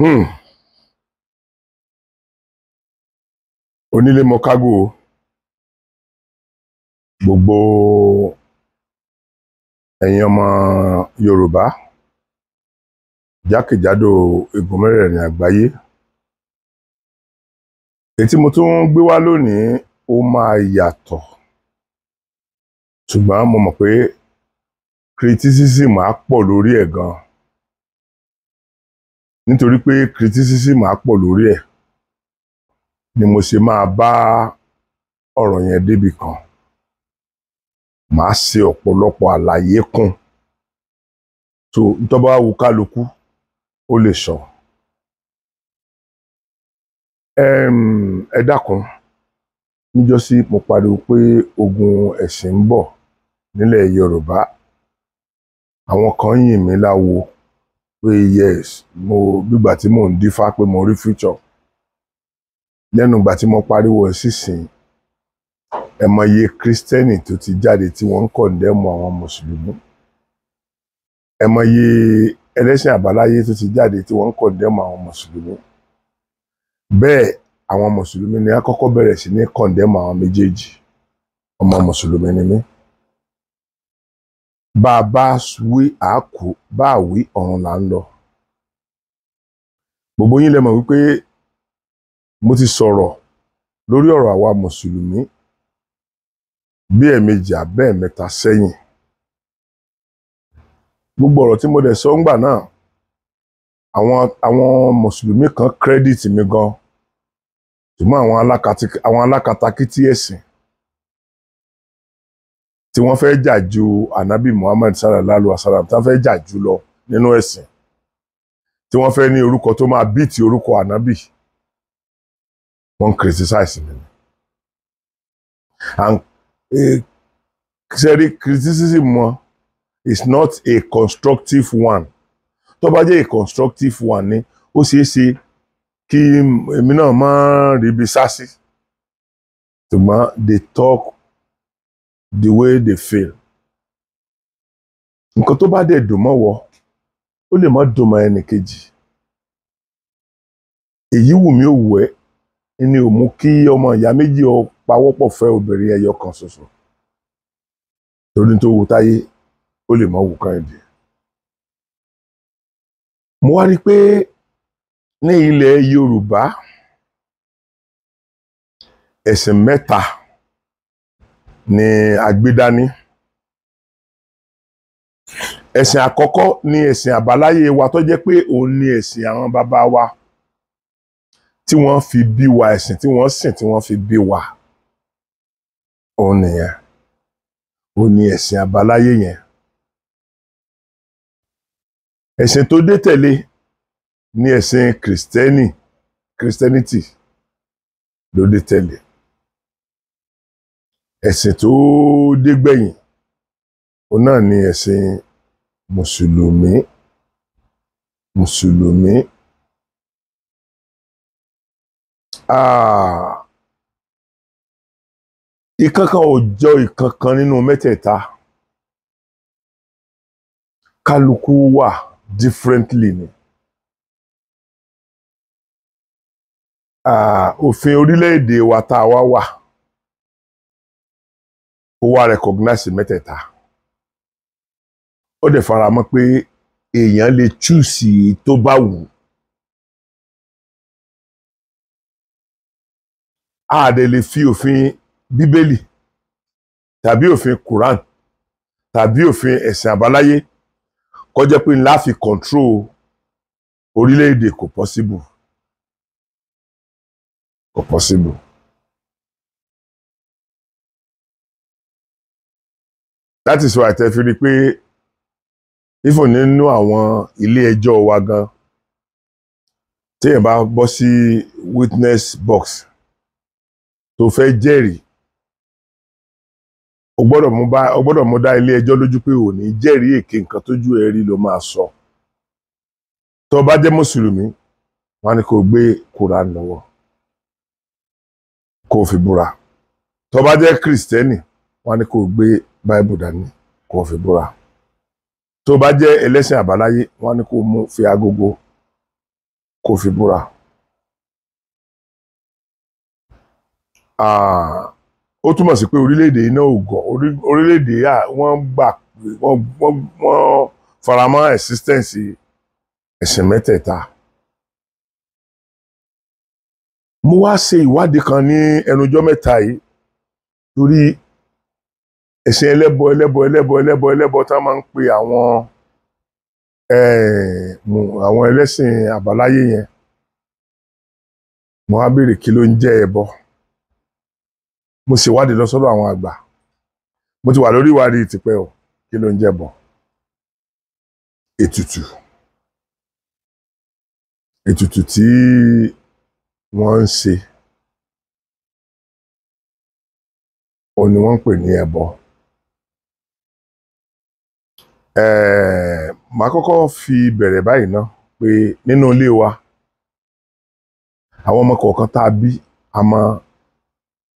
Hmm. onílé mọ kágò gbogbo ẹ̀yin ọmọ Yorùbá jákèjádò igun mẹ́rẹ̀ẹ̀rin àgbáyé ètí mo tún gbé wá lónìí ó máa yàtọ̀ ṣùgbọ́n mo mọ̀ pé criticism á pọ̀ lórí ẹ̀ gan nítorí pé criticism á pọ̀ lórí ẹ̀ ni mo ṣe máa bá ọ̀rọ̀ yẹn débi kan màá ṣe ọ̀pọ̀lọpọ̀ àlàyé kún so tó bá wù kálukú ó lè sọ ẹ dákun níjọ́sí mo pariwo pé ogun ẹ̀sìn ń bọ̀ nílẹ̀ Yorùbá àwọn kan yìn mí láwo pé yes mo gbígbà tí mò ń dífá pé mo rí future lẹ́nu ìgbà tí mo pariwo ẹ̀ sísìn ẹ mọye kristẹni tó ti jáde tí wọ́n ń kọ̀ndẹ́mù àwọn mùsùlùmí ẹ mọye ẹlẹ́sìn àbáláyé tó ti jáde tí wọ́n ń kọ̀ndẹ́mù àwọn mùsùlùmí bẹ́ẹ̀ àwọn mùsùlùmí ni a kọ́kọ́ bẹ̀rẹ̀ sí ní kọ̀ndẹ́mù àwọn méjèèjì ọmọ mùsùlùmí ni mí bá a bá wí àákú bá a wí ọ̀run là ń lọ. gbogbo yín lè mọ̀ wípé mo ti sọ̀rọ̀ lórí ọ̀rọ̀ àwa mùsùlùmí bí ẹ̀ẹ̀mejì àbẹ́ẹ̀ mẹ́ta sẹ́yìn. gbogbo ọ̀rọ̀ tí mo dẹ̀ sọ ńgbà náà àwọn mùsùlùmí kan kírẹ́dìtì mi gan ṣùgbọ́n àwọn alákatakítí ẹ̀sìn tí wọ́n fẹ́ jà ju anabi muhammad sallallahu alaihi wasallam tí wọ́n fẹ́ jà jù lọ nínú ẹ̀sìn tí wọ́n fẹ́ ní orúkọ tó máa bíìtì orúkọ anabi wọ́n criticize mi ni and sẹ́rí eh, criticism wọn is not a constructive one tó bá jẹ́ a constructive one ni ó ṣeé ṣe kí èmi náà máa ríbi sásì ṣùgbọ́n they talk the way they feel. nǹkan tó bá dẹ̀ dùn mọ́ wọ ó lè má dùn mọ́ ẹnìkejì èyí wù mí ò wù ẹ́ ni ò mú kí ọmọ ìyá méjì ọ pawọ́pọ̀ fẹ́ obìnrin ẹyọ kan ṣoṣo torí tó wù táyé ó lè má wù Kẹ́hìndé. mo wá rí i pé ní ilẹ̀ Yorùbá ẹ̀sìn mẹ́ta ni agbédání ẹ̀sìn àkọ́kọ́ ni ẹ̀sìn àbáláyé wa tó jẹ́ pé òun ni ẹ̀sìn àwọn bàbá wa tí wọ́n fi bí wa ẹ̀sìn tí wọ́n sìn tí wọ́n fi bí wa òun nìyẹn òun ni ẹ̀sìn àbáláyé yẹn ẹ̀sìn tó dé tẹ̀lé ni ẹ̀sìn kìrìsìtẹ́nì kìrìsìtẹ́nìtì ló dé tẹ̀lé ẹ̀sìn tó dégbẹ̀yìn òun náà ni ẹ̀sìn mùsùlùmí mùsùlùmí ah. ìkankan ò jọ ìkankan nínú mẹ́tẹ̀ẹ̀ta kálukú wà differently ni ah, òfin orílẹ̀-èdè wa tá a wá wà kó wá recognize mẹ́tẹ̀ẹ̀ta ó dẹ̀ fara mọ́ pé èèyàn lè chúùsì tó bá wù ú a dẹ̀ lè fi òfin bíbélì tàbí òfin Quran tàbí òfin ẹ̀sìn àbáláyé kọjá pé ńlá fi control orílẹ̀-èdè kò possible kò possible. that is why tẹ́ fi rí pé ifo nínú àwọn ilé ẹjọ́ wa gan téèyàn bá bọ́ sí witness box tó fẹ́ jẹ́rìí o gbọ́dọ̀ mú bá o gbọ́dọ̀ mú dá ilé ẹjọ́ lójú pé ò ní jẹ́rìí èké nǹkan tójú ẹ rí ló máa sọ tó bá jẹ́ mùsùlùmí wọ́n ní kó gbé Quran lọ́wọ́ kó fi búra tó bá jẹ́ kristẹni wọ́n ní kó gbé báìbù dání kó o fi búra tó bá jẹ́ ẹlẹ́sìn àbáláyé wọ́n ní kó o mú fi agogo kó o fi búra. ó túmọ̀ sí pé orílẹ̀-èdè iná ògàn orílẹ̀-èdè wọ́n gbà wọ́n faramọ́ existence ẹ̀sìn mẹ́tẹ̀ẹ̀ta. mo wá ṣe ìwádìí kan ní ẹnujọ́ mẹ́ta yìí torí ẹ̀sìn ẹlẹ́bọ ẹlẹ́bọ ẹlẹ́bọ ẹlẹ́bọ ẹlẹ́bọ tá a máa ń pe àwọn àwọn ẹlẹ́sìn àbáláyé yẹn mo á béèrè kí ló ń jẹ́ ẹbọ mo sì wádìí lọ sọ́dọ̀ àwọn àgbà mo ti wà lórí ìwádìí tipẹ́ o kí ló ń jẹ́ ẹbọ ètùtù ètùtù tí wọ́n ń ṣe òun ni wọ́n ń pè ní ẹbọ. ẹ̀ẹ́ eh, màá kọ́kọ́ fi bẹ̀rẹ̀ báyìí ná pé nínú ilé wa àwọn ọmọ kọ̀ọ̀kan tá a bí a mọ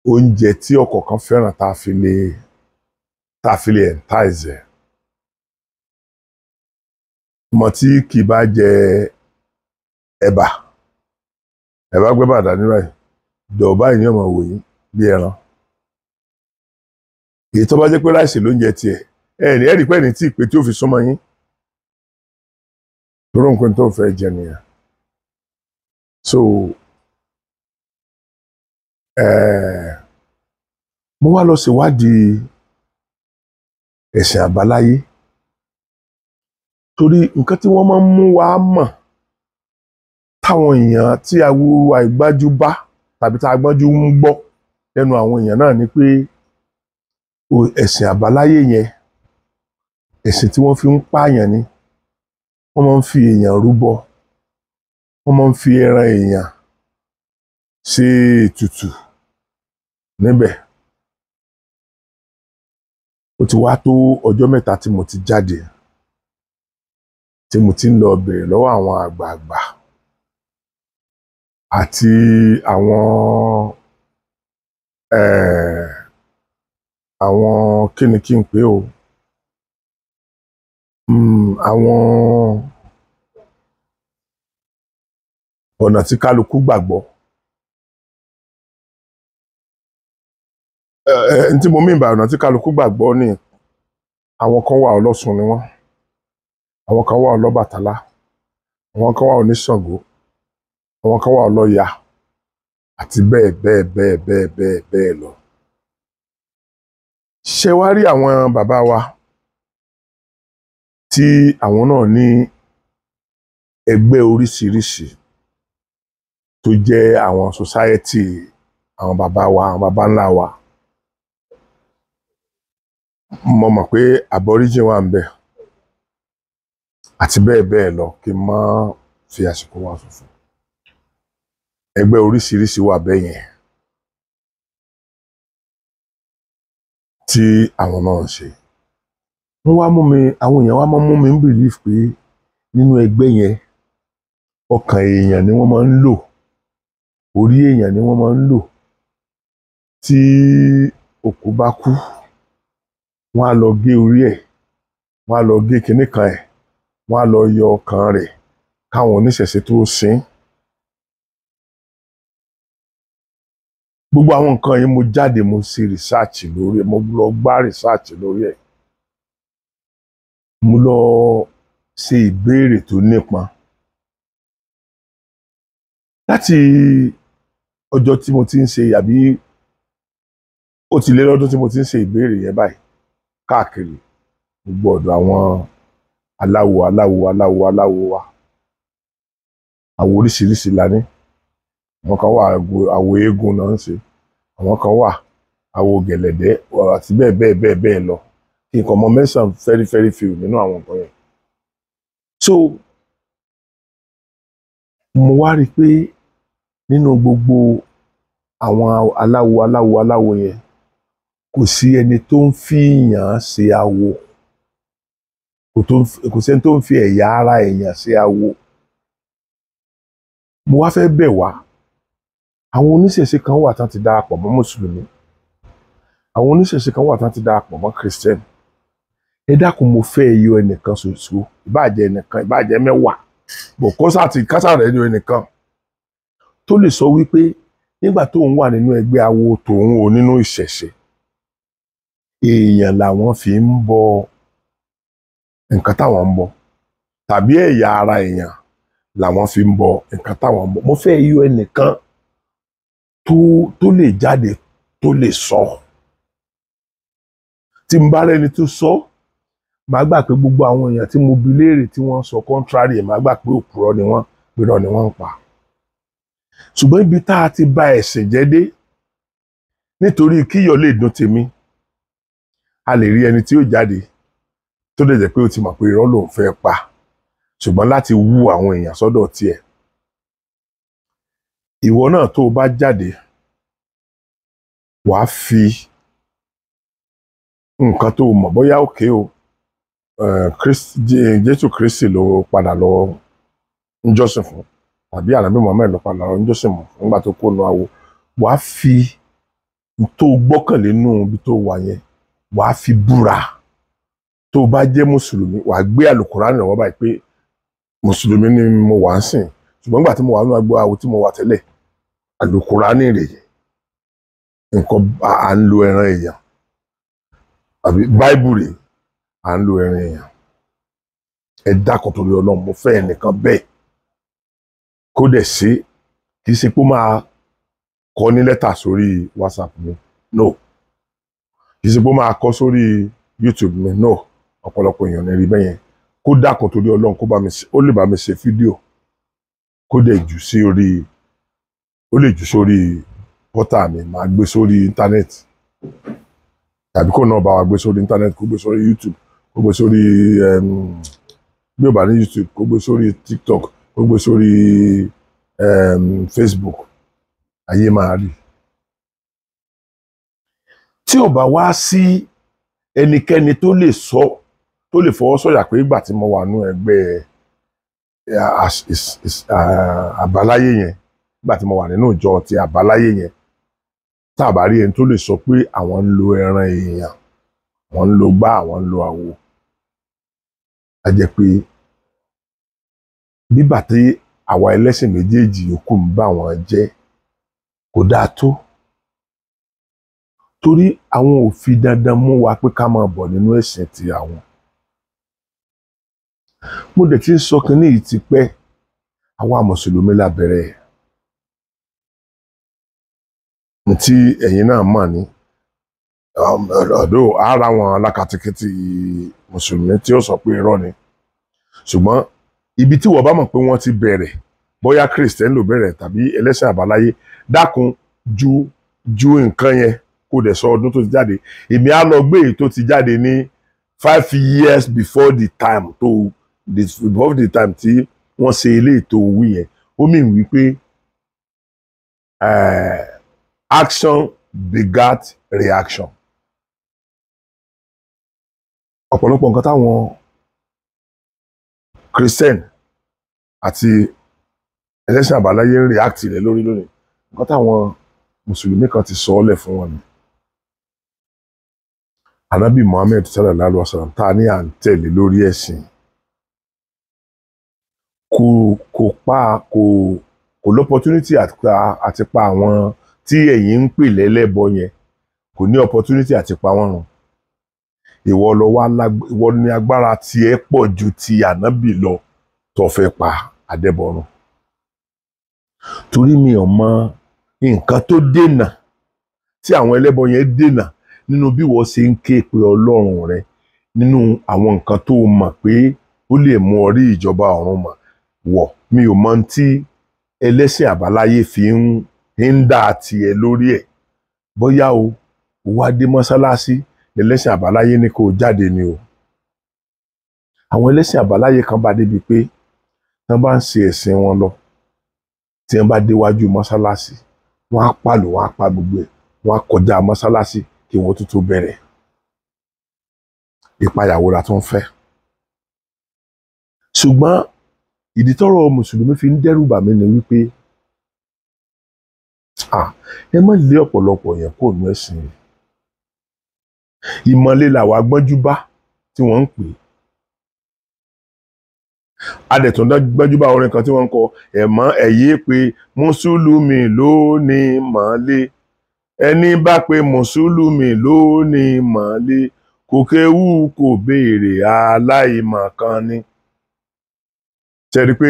oúnjẹ tí ọ̀kọ̀ọ̀kan fẹ́ràn tá a fi lè tá a fi lè entice ẹ̀ tí kì í bá jẹ ẹ̀bà ẹ̀bà gbẹ́bà dání báyìí dọ̀ọ̀ báyìí ni ọmọ wòyí bí ẹran èyí tó bá jẹ́ pé láìsí lóúnjẹ tiẹ̀ ẹni ẹ̀rí pẹ́ẹ́nì tí ìpè tí ó fi súnmọ́ yín torí nǹkan tó fẹ́ jẹ nìyẹn so mo wá lọ ṣèwádìí ẹ̀sìn àbáláyé torí nǹkan tí wọ́n máa ń mú wa mọ̀ táwọn èèyàn tí awúrú àìgbájú bá tàbí tá a gbọ́njú ń gbọ́ lẹ́nu àwọn èèyàn náà ni pé ẹ̀sìn àbáláyé yẹn ẹ̀sìn tí wọ́n fi ń pààyàn ni wọ́n máa ń fi èèyàn rúbọ wọ́n máa ń fi ẹran èèyàn ṣe ètùtù níbẹ̀ ó ti wá tó ọjọ́ mẹ́ta tí mo ti jáde tí mo ti ń lọ bèrè lọ́wọ́ àwọn àgbààgbà àti àwọn eh, àwọn kíni kí n pè o um Àwọn ọ̀nà tí kálukú gbàgbọ́. Ẹ̀ n tí mo mean by ọ̀nà tí kálukú gbàgbọ́ ni àwọn kan wà ọlọ́ṣun ni wọ́n, àwọn kan wà ọlọ́bàtálá, àwọn kan wà oníṣàngó, àwọn kan wà ọlọ́ya àti bẹ́ẹ̀ bẹ́ẹ̀ bẹ́ẹ̀ bẹ́ẹ̀ bẹ́ẹ̀ bẹ́ẹ̀ lọ. Ṣé wàá rí àwọn bàbá wa? tí àwọn náà ní ẹgbẹ́ oríṣiríṣi tó jẹ́ àwọn society àwọn bàbá wa àwọn bàbá ńlá wa mo mọ̀ pé aborigine wà ń bẹ àti bẹ́ẹ̀ bẹ́ẹ̀ lọ kí n má fi àsìkò wa sọ ẹgbẹ́ oríṣiríṣi wà bẹ́ẹ̀ yẹn tí àwọn náà ń ṣe. wọ́n wá mú mi àwọn èèyàn wá mú mi ń bìlíf pé nínú ẹgbẹ́ yẹn ọkàn èèyàn ni wọ́n máa ń lò orí èèyàn ni wọ́n máa ń lò tí òkú bá kú wọ́n á lọ gé orí ẹ̀ wọ́n á lọ gé kinní kan ẹ̀ wọ́n á lọ yọ ọkàn rẹ̀ káwọn oníṣẹ̀ṣe tó sin. gbogbo àwọn nǹkan yìí mo jáde mo ṣe rìsáàtì lórí ẹ̀ mo lọ gbá rìsáàtì lórí ẹ̀ mo lọ ṣe ìbéèrè tó nípọn láti ọjọ́ tí mo ti ń ṣe àbí ó ti lé lọ́dún tí mo ti ń ṣe ìbéèrè yẹn báyìí káàkiri gbogbo ọ̀dọ̀ àwọn aláwo aláwo aláwo aláwo wa àwo oríṣiríṣi la ní àwọn kan wà àwo eégún náà ń ṣe àwọn kan wà àwo gẹ̀lẹ̀dẹ́ àti bẹ́ẹ̀ bẹ́ẹ̀ bẹ́ẹ̀ bẹ́ẹ̀ lọ kí mọ mention very very few nínú àwọn nǹkan yẹn so mo wá rí i pé nínú gbogbo àwọn aláwo aláwo aláwo yẹn kò sí ẹni tó ń fi èèyàn ṣe awo kò sẹ́ni tó ń fi ẹ̀yà ara èèyàn ṣe awo mo wá fẹ́ bẹ̀ wá àwọn oníṣẹ̀ṣe kan wà tán ti darapọ̀ mọ́ mùsùlùmí àwọn oníṣẹ̀ṣe kan wà tán ti darapọ̀ mọ́ christian ẹ dákun mo fẹ́ yọ ẹnìkan ṣoṣo ìbàjẹ́ ẹnìkan ìbàjẹ́ mẹ́wàá bò kọ́sàtì kásàrẹ̀ yọ ẹnìkan tó lè sọ wípé nígbà tóun wà nínú ẹgbẹ́ awo tòun ò nínú ìṣẹ̀ṣe èèyàn làwọn fi ń bọ nǹkan táwọn ń bọ tàbí ẹ̀yà ara èèyàn làwọn fi ń bọ nǹkan táwọn ń bọ mo fẹ́ yọ ẹnìkan tó tó lè jáde tó lè sọ tí n bá rẹni tó sọ. So, màá gbà pé gbogbo àwọn èèyàn tí mo bi léèrè tí wọ́n sọ contrary màá gbà pé òpùrọ́ ni wọ́n pèrọ ni wọ́n ń pa ṣùgbọ́n ibi tá a ti ba ẹ̀sìn jẹ́ dé nítorí kíyọ̀ lè dún tèmi a lè rí ẹni tí ó jáde tó lè jẹ́ pé ó ti mọ̀ pé irọ́ lòun fẹ́ pa ṣùgbọ́n láti wú àwọn èèyàn sọ́dọ̀ tiẹ̀ ìwọ náà tó o bá jáde wàá fi nǹkan tó o mọ̀ bóyá òkè o jésù kristi ló padà lọ ń jọ́sìn fún tàbí ànábì muhammed ló padà lọ ń jọ́sìn fún nígbà tó kó nu awo wàá fi tó gbọ́kànlé nù ibi tó wà yẹn wàá fi búra tó bá jẹ́ mùsùlùmí wàá gbé àlùkùránì lọ́wọ́ báyìí pé mùsùlùmí ni mo wà ń sìn ṣùgbọ́n nígbà tí mo wà nínú agbo awo tí mo wà tẹ́lẹ̀ àlùkùránì rèé nǹkan à ń lo ẹran èèyàn àbí báíbù rèé à ń lo ẹran èèyàn ẹ dákun torí ọlọ́run mo fẹ́ ẹnìkan bẹ́ẹ̀ kó dẹ̀ ṣe kì í ṣe pé ó máa kọ ní lẹ́tà sórí whatsapp mi no kì í ṣe pé máa kọ sórí youtube mi no ọ̀pọ̀lọpọ̀ èèyàn ní rí bẹ́ẹ̀ yẹn kó dákun torí ọlọ́run kó bá mi ṣe ó lè bá mi ṣe fídíò kó dẹ̀ jù sí orí ó lè jù sórí pọ́tà mi màá gbé sórí íńtánẹ́ẹ̀tì tàbí kó náà bá wa gbé sórí íńtánẹ́ẹ̀tì kó gbé sórí youtube kó gbé sórí bí ó bá ní YouTube kó gbé sórí TikTok kó gbé sórí Facebook ayé máa rí tí ò bá wá sí ẹnikẹ́ni tó lè sọ tó lè fọwọ́ sọ̀yà pé ìgbà tí mo wà nú ẹgbẹ́ àbáláyé yẹn ìgbà tí mo wà nínú ìjọ ti àbáláyé yẹn tá a bá rí ẹni tó lè sọ pé àwọn ń lo ẹran èèyàn àwọn ń lo gbá àwọn ń lo àwo a jẹ́ pé bíbà tí àwa ẹlẹ́sìn méjèèjì yòókù ń bà wọ́n jẹ́ kò dáa tó torí àwọn ò fi dandan mú wa pé ká máa bọ̀ nínú ẹ̀sìn ti àwọn. mo dẹ̀ ti ń sọ kínní yìí ti pẹ́ àwa mùsùlùmí la bẹ̀rẹ̀ ẹ̀ tí ẹ̀yin náà mọ̀ ni ọ̀dọ̀ um, ara wọn alákatikítí mùsùlùmí tí ó sọ pé irọ́ ni ṣùgbọ́n ibi tí wọ́n bá mọ̀ pé wọ́n ti bẹ̀rẹ̀ bóyá kristẹni ló bẹ̀rẹ̀ tàbí ẹlẹ́sìn àbáláyé dákun ju ju nǹkan yẹn kó dẹ̀ sọ ọdún tó ti jáde èmi á lọ gbé èyí tó ti jáde ní five years before the time tó before the time tí wọ́n ṣe ilé ètò òwú yẹn ó mì wípé eh, action begat reaction ọ̀pọ̀lọpọ̀ nǹkan táwọn christian àti ẹlẹ́sìn àbáláyé ń react lé lórí lónìí nǹkan táwọn mùsùlùmí kan ti sọ ọ́ fún wọn ni anabi muhammed sallallahu alaihi wasallam tá a ní à ń tẹ̀lé lórí ẹ̀sìn kò kò pa kò kò lọ́pọ̀tunítì àti pa àwọn tí ẹ̀yin ń pè lẹ́lẹ́bọ yẹn kò ní opportunity àti pa wọ́n run ìwọ lọ wá ìwọ ní agbára tiẹ̀ pọ̀ ju ti ànábì lọ tó fẹ́ pa Adébọ̀rùn torí mi ò mọ nǹkan tó dènà tí àwọn ẹlẹ́bọ yẹn dènà nínú bí wọ́n ṣe ń ké pe Ọlọ́run rẹ nínú àwọn nǹkan tó mọ̀ pé ó lè mú ọ ìjọba ọ̀run mọ̀ wọ̀ mi ò mọ tí ẹlẹ́sìn àbáláyé fi ń ń dà lórí ẹ̀ bóyá o wá dé mọ́sálásí ẹlẹ́sìn àbáláyé ní kó jáde ni o àwọn ẹlẹ́sìn àbáláyé kan bá débi pé tán bá ń ṣe ẹ̀sìn wọn lọ tí wọ́n bá déwájú mọ́sálásí wọ́n á pàlò wọ́n á pa gbogbo ẹ̀ wọ́n á kọjá mọ́sálásí kí wọ́n tó tó bẹ̀rẹ̀ ìpayàwó la tún fẹ́ ṣùgbọ́n ìdí tọ́rọ̀ mùsùlùmí fi ń dẹ́rù bà ni wípé ẹ má lé ọ̀pọ̀lọpọ̀ yẹn kó nu ẹ̀sìn yìí ìmọ̀le làwa gbọ́njúbá tí wọ́n ń pè gbọ́njúbá orin kan tí wọ́n ń kọ ẹ̀mọ́ ẹ̀yé pé mùsùlùmí ló ní ẹni bá mùsùlùmí ló ní kò kéwú aláìmọ̀ kan ni tẹ̀rí pé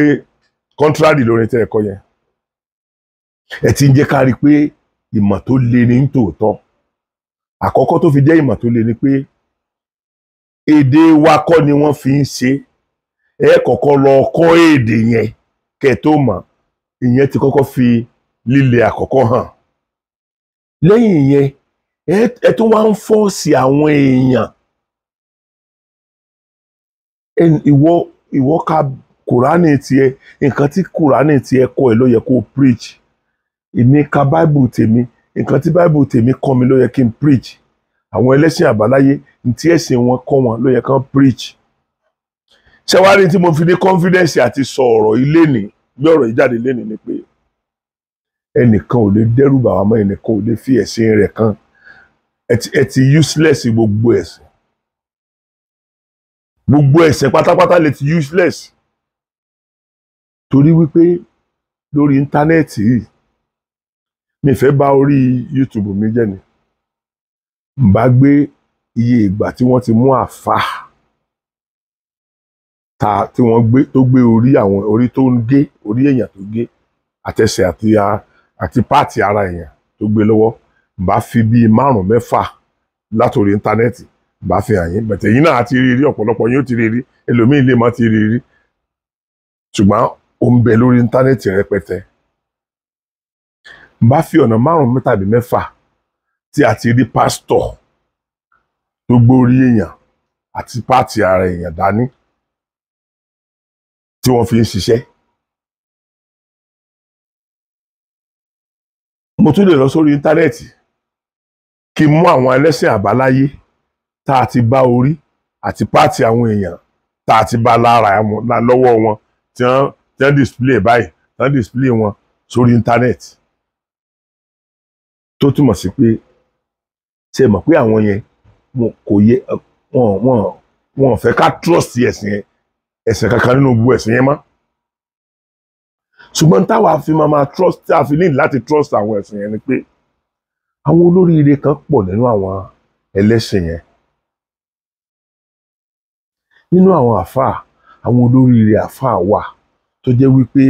kọ́ńtrárì lórin tẹ́ ẹ̀kọ́ yẹn ẹ ti ń jẹ́ le ní tòótọ́ àkọ́kọ́ tó fi jẹ́ ìmọ̀ tó le ni pé èdè wa kọ́ ni wọ́n fi ń ṣe ẹ kọ́kọ́ lọ kọ́ èdè yẹn ke tó mọ̀ ìyẹn ti kọ́kọ́ fi líle àkọ́kọ́ hàn lẹ́yìn ìyẹn ẹ tún wá ń fọ́ọ̀sì àwọn èèyàn ìwọ ìwọ ka kùránì tiẹ̀ nǹkan tí kùránì tiẹ̀ kọ́ ẹ ló yẹ kó preach èmi ka bible tèmi nǹkan tí bible tèmi kọ́ mi ló yẹ kí n preach àwọn ẹlẹ́sìn àbáláyé ntí ẹ̀sìn wọn kọ́ wọn ló yẹ kí n preach ṣẹwárí tí mo fi ní confidence àti sọ ọ̀rọ̀ ilé ní bí ọ̀rọ̀ ìjáde lé ní ni pé ẹnìkan ò lè dẹ́rù bà wá mọ́ ẹnìkan ò lè fi ẹ̀sìn rẹ̀ kan ẹ ti useless gbogbo ẹ̀sìn gbogbo ẹ̀sìn pátápátá lè ti useless torí wípé lórí íńtánẹ́ẹ̀tì yìí mi fẹ́ bà orí YouTube mi jẹ́ ni n bá gbé iye ìgbà tí wọ́n ti mú àfa ta tí wọ́n gbé tó gbé orí àwọn orí tó ń gé orí èèyàn tó gé àtẹsẹ̀ àti àti páàtì ara èèyàn tó gbé lọ́wọ́ n bá fi bíi márùn mẹ́fà látòrí íńtánẹ́ẹ̀tì n bá fi hàn yín bẹ̀tẹ̀ yín náà ti rí rí ọ̀pọ̀lọpọ̀ yín ó ti rí rí ẹlòmíín lè má ti rí rí ṣùgbọ́n ó ń bẹ lórí íńtánẹ́ẹ̀tì rẹpẹtẹ bá fi ọ̀nà márùn-ún mẹ́tàbí mẹ́fà tí a ti rí pásítọ̀ tó gbórí èèyàn àti páàtì ara èèyàn dání tí wọ́n fi ń ṣiṣẹ́. mo tún lè lọ sórí íńtánẹ́ẹ̀tì kí n mú àwọn ẹlẹ́sìn àbáláyé tá a ti bá orí àti páàtì àwọn èèyàn tá a ti bá lára lọ́wọ́ wọn tí wọ́n display báyìí tí wọ́n display wọn sórí íńtánẹ́ẹ̀tì. tó túmọ̀ sí pé ṣe mọ̀ pé àwọn yẹn wọn kò yẹ wọn wọn ká trust ẹ̀sìn yẹn ẹ̀sìn kankan nínú gbogbo ẹ̀sìn yẹn mọ́ ṣùgbọ́n táwa fi máa máa trust tá fi ní láti trust àwọn ẹ̀sìn yẹn ni pé àwọn kan pọ̀ nínú àwọn ẹlẹ́sìn yẹn nínú àwọn àwọn wà tó jẹ́ wípé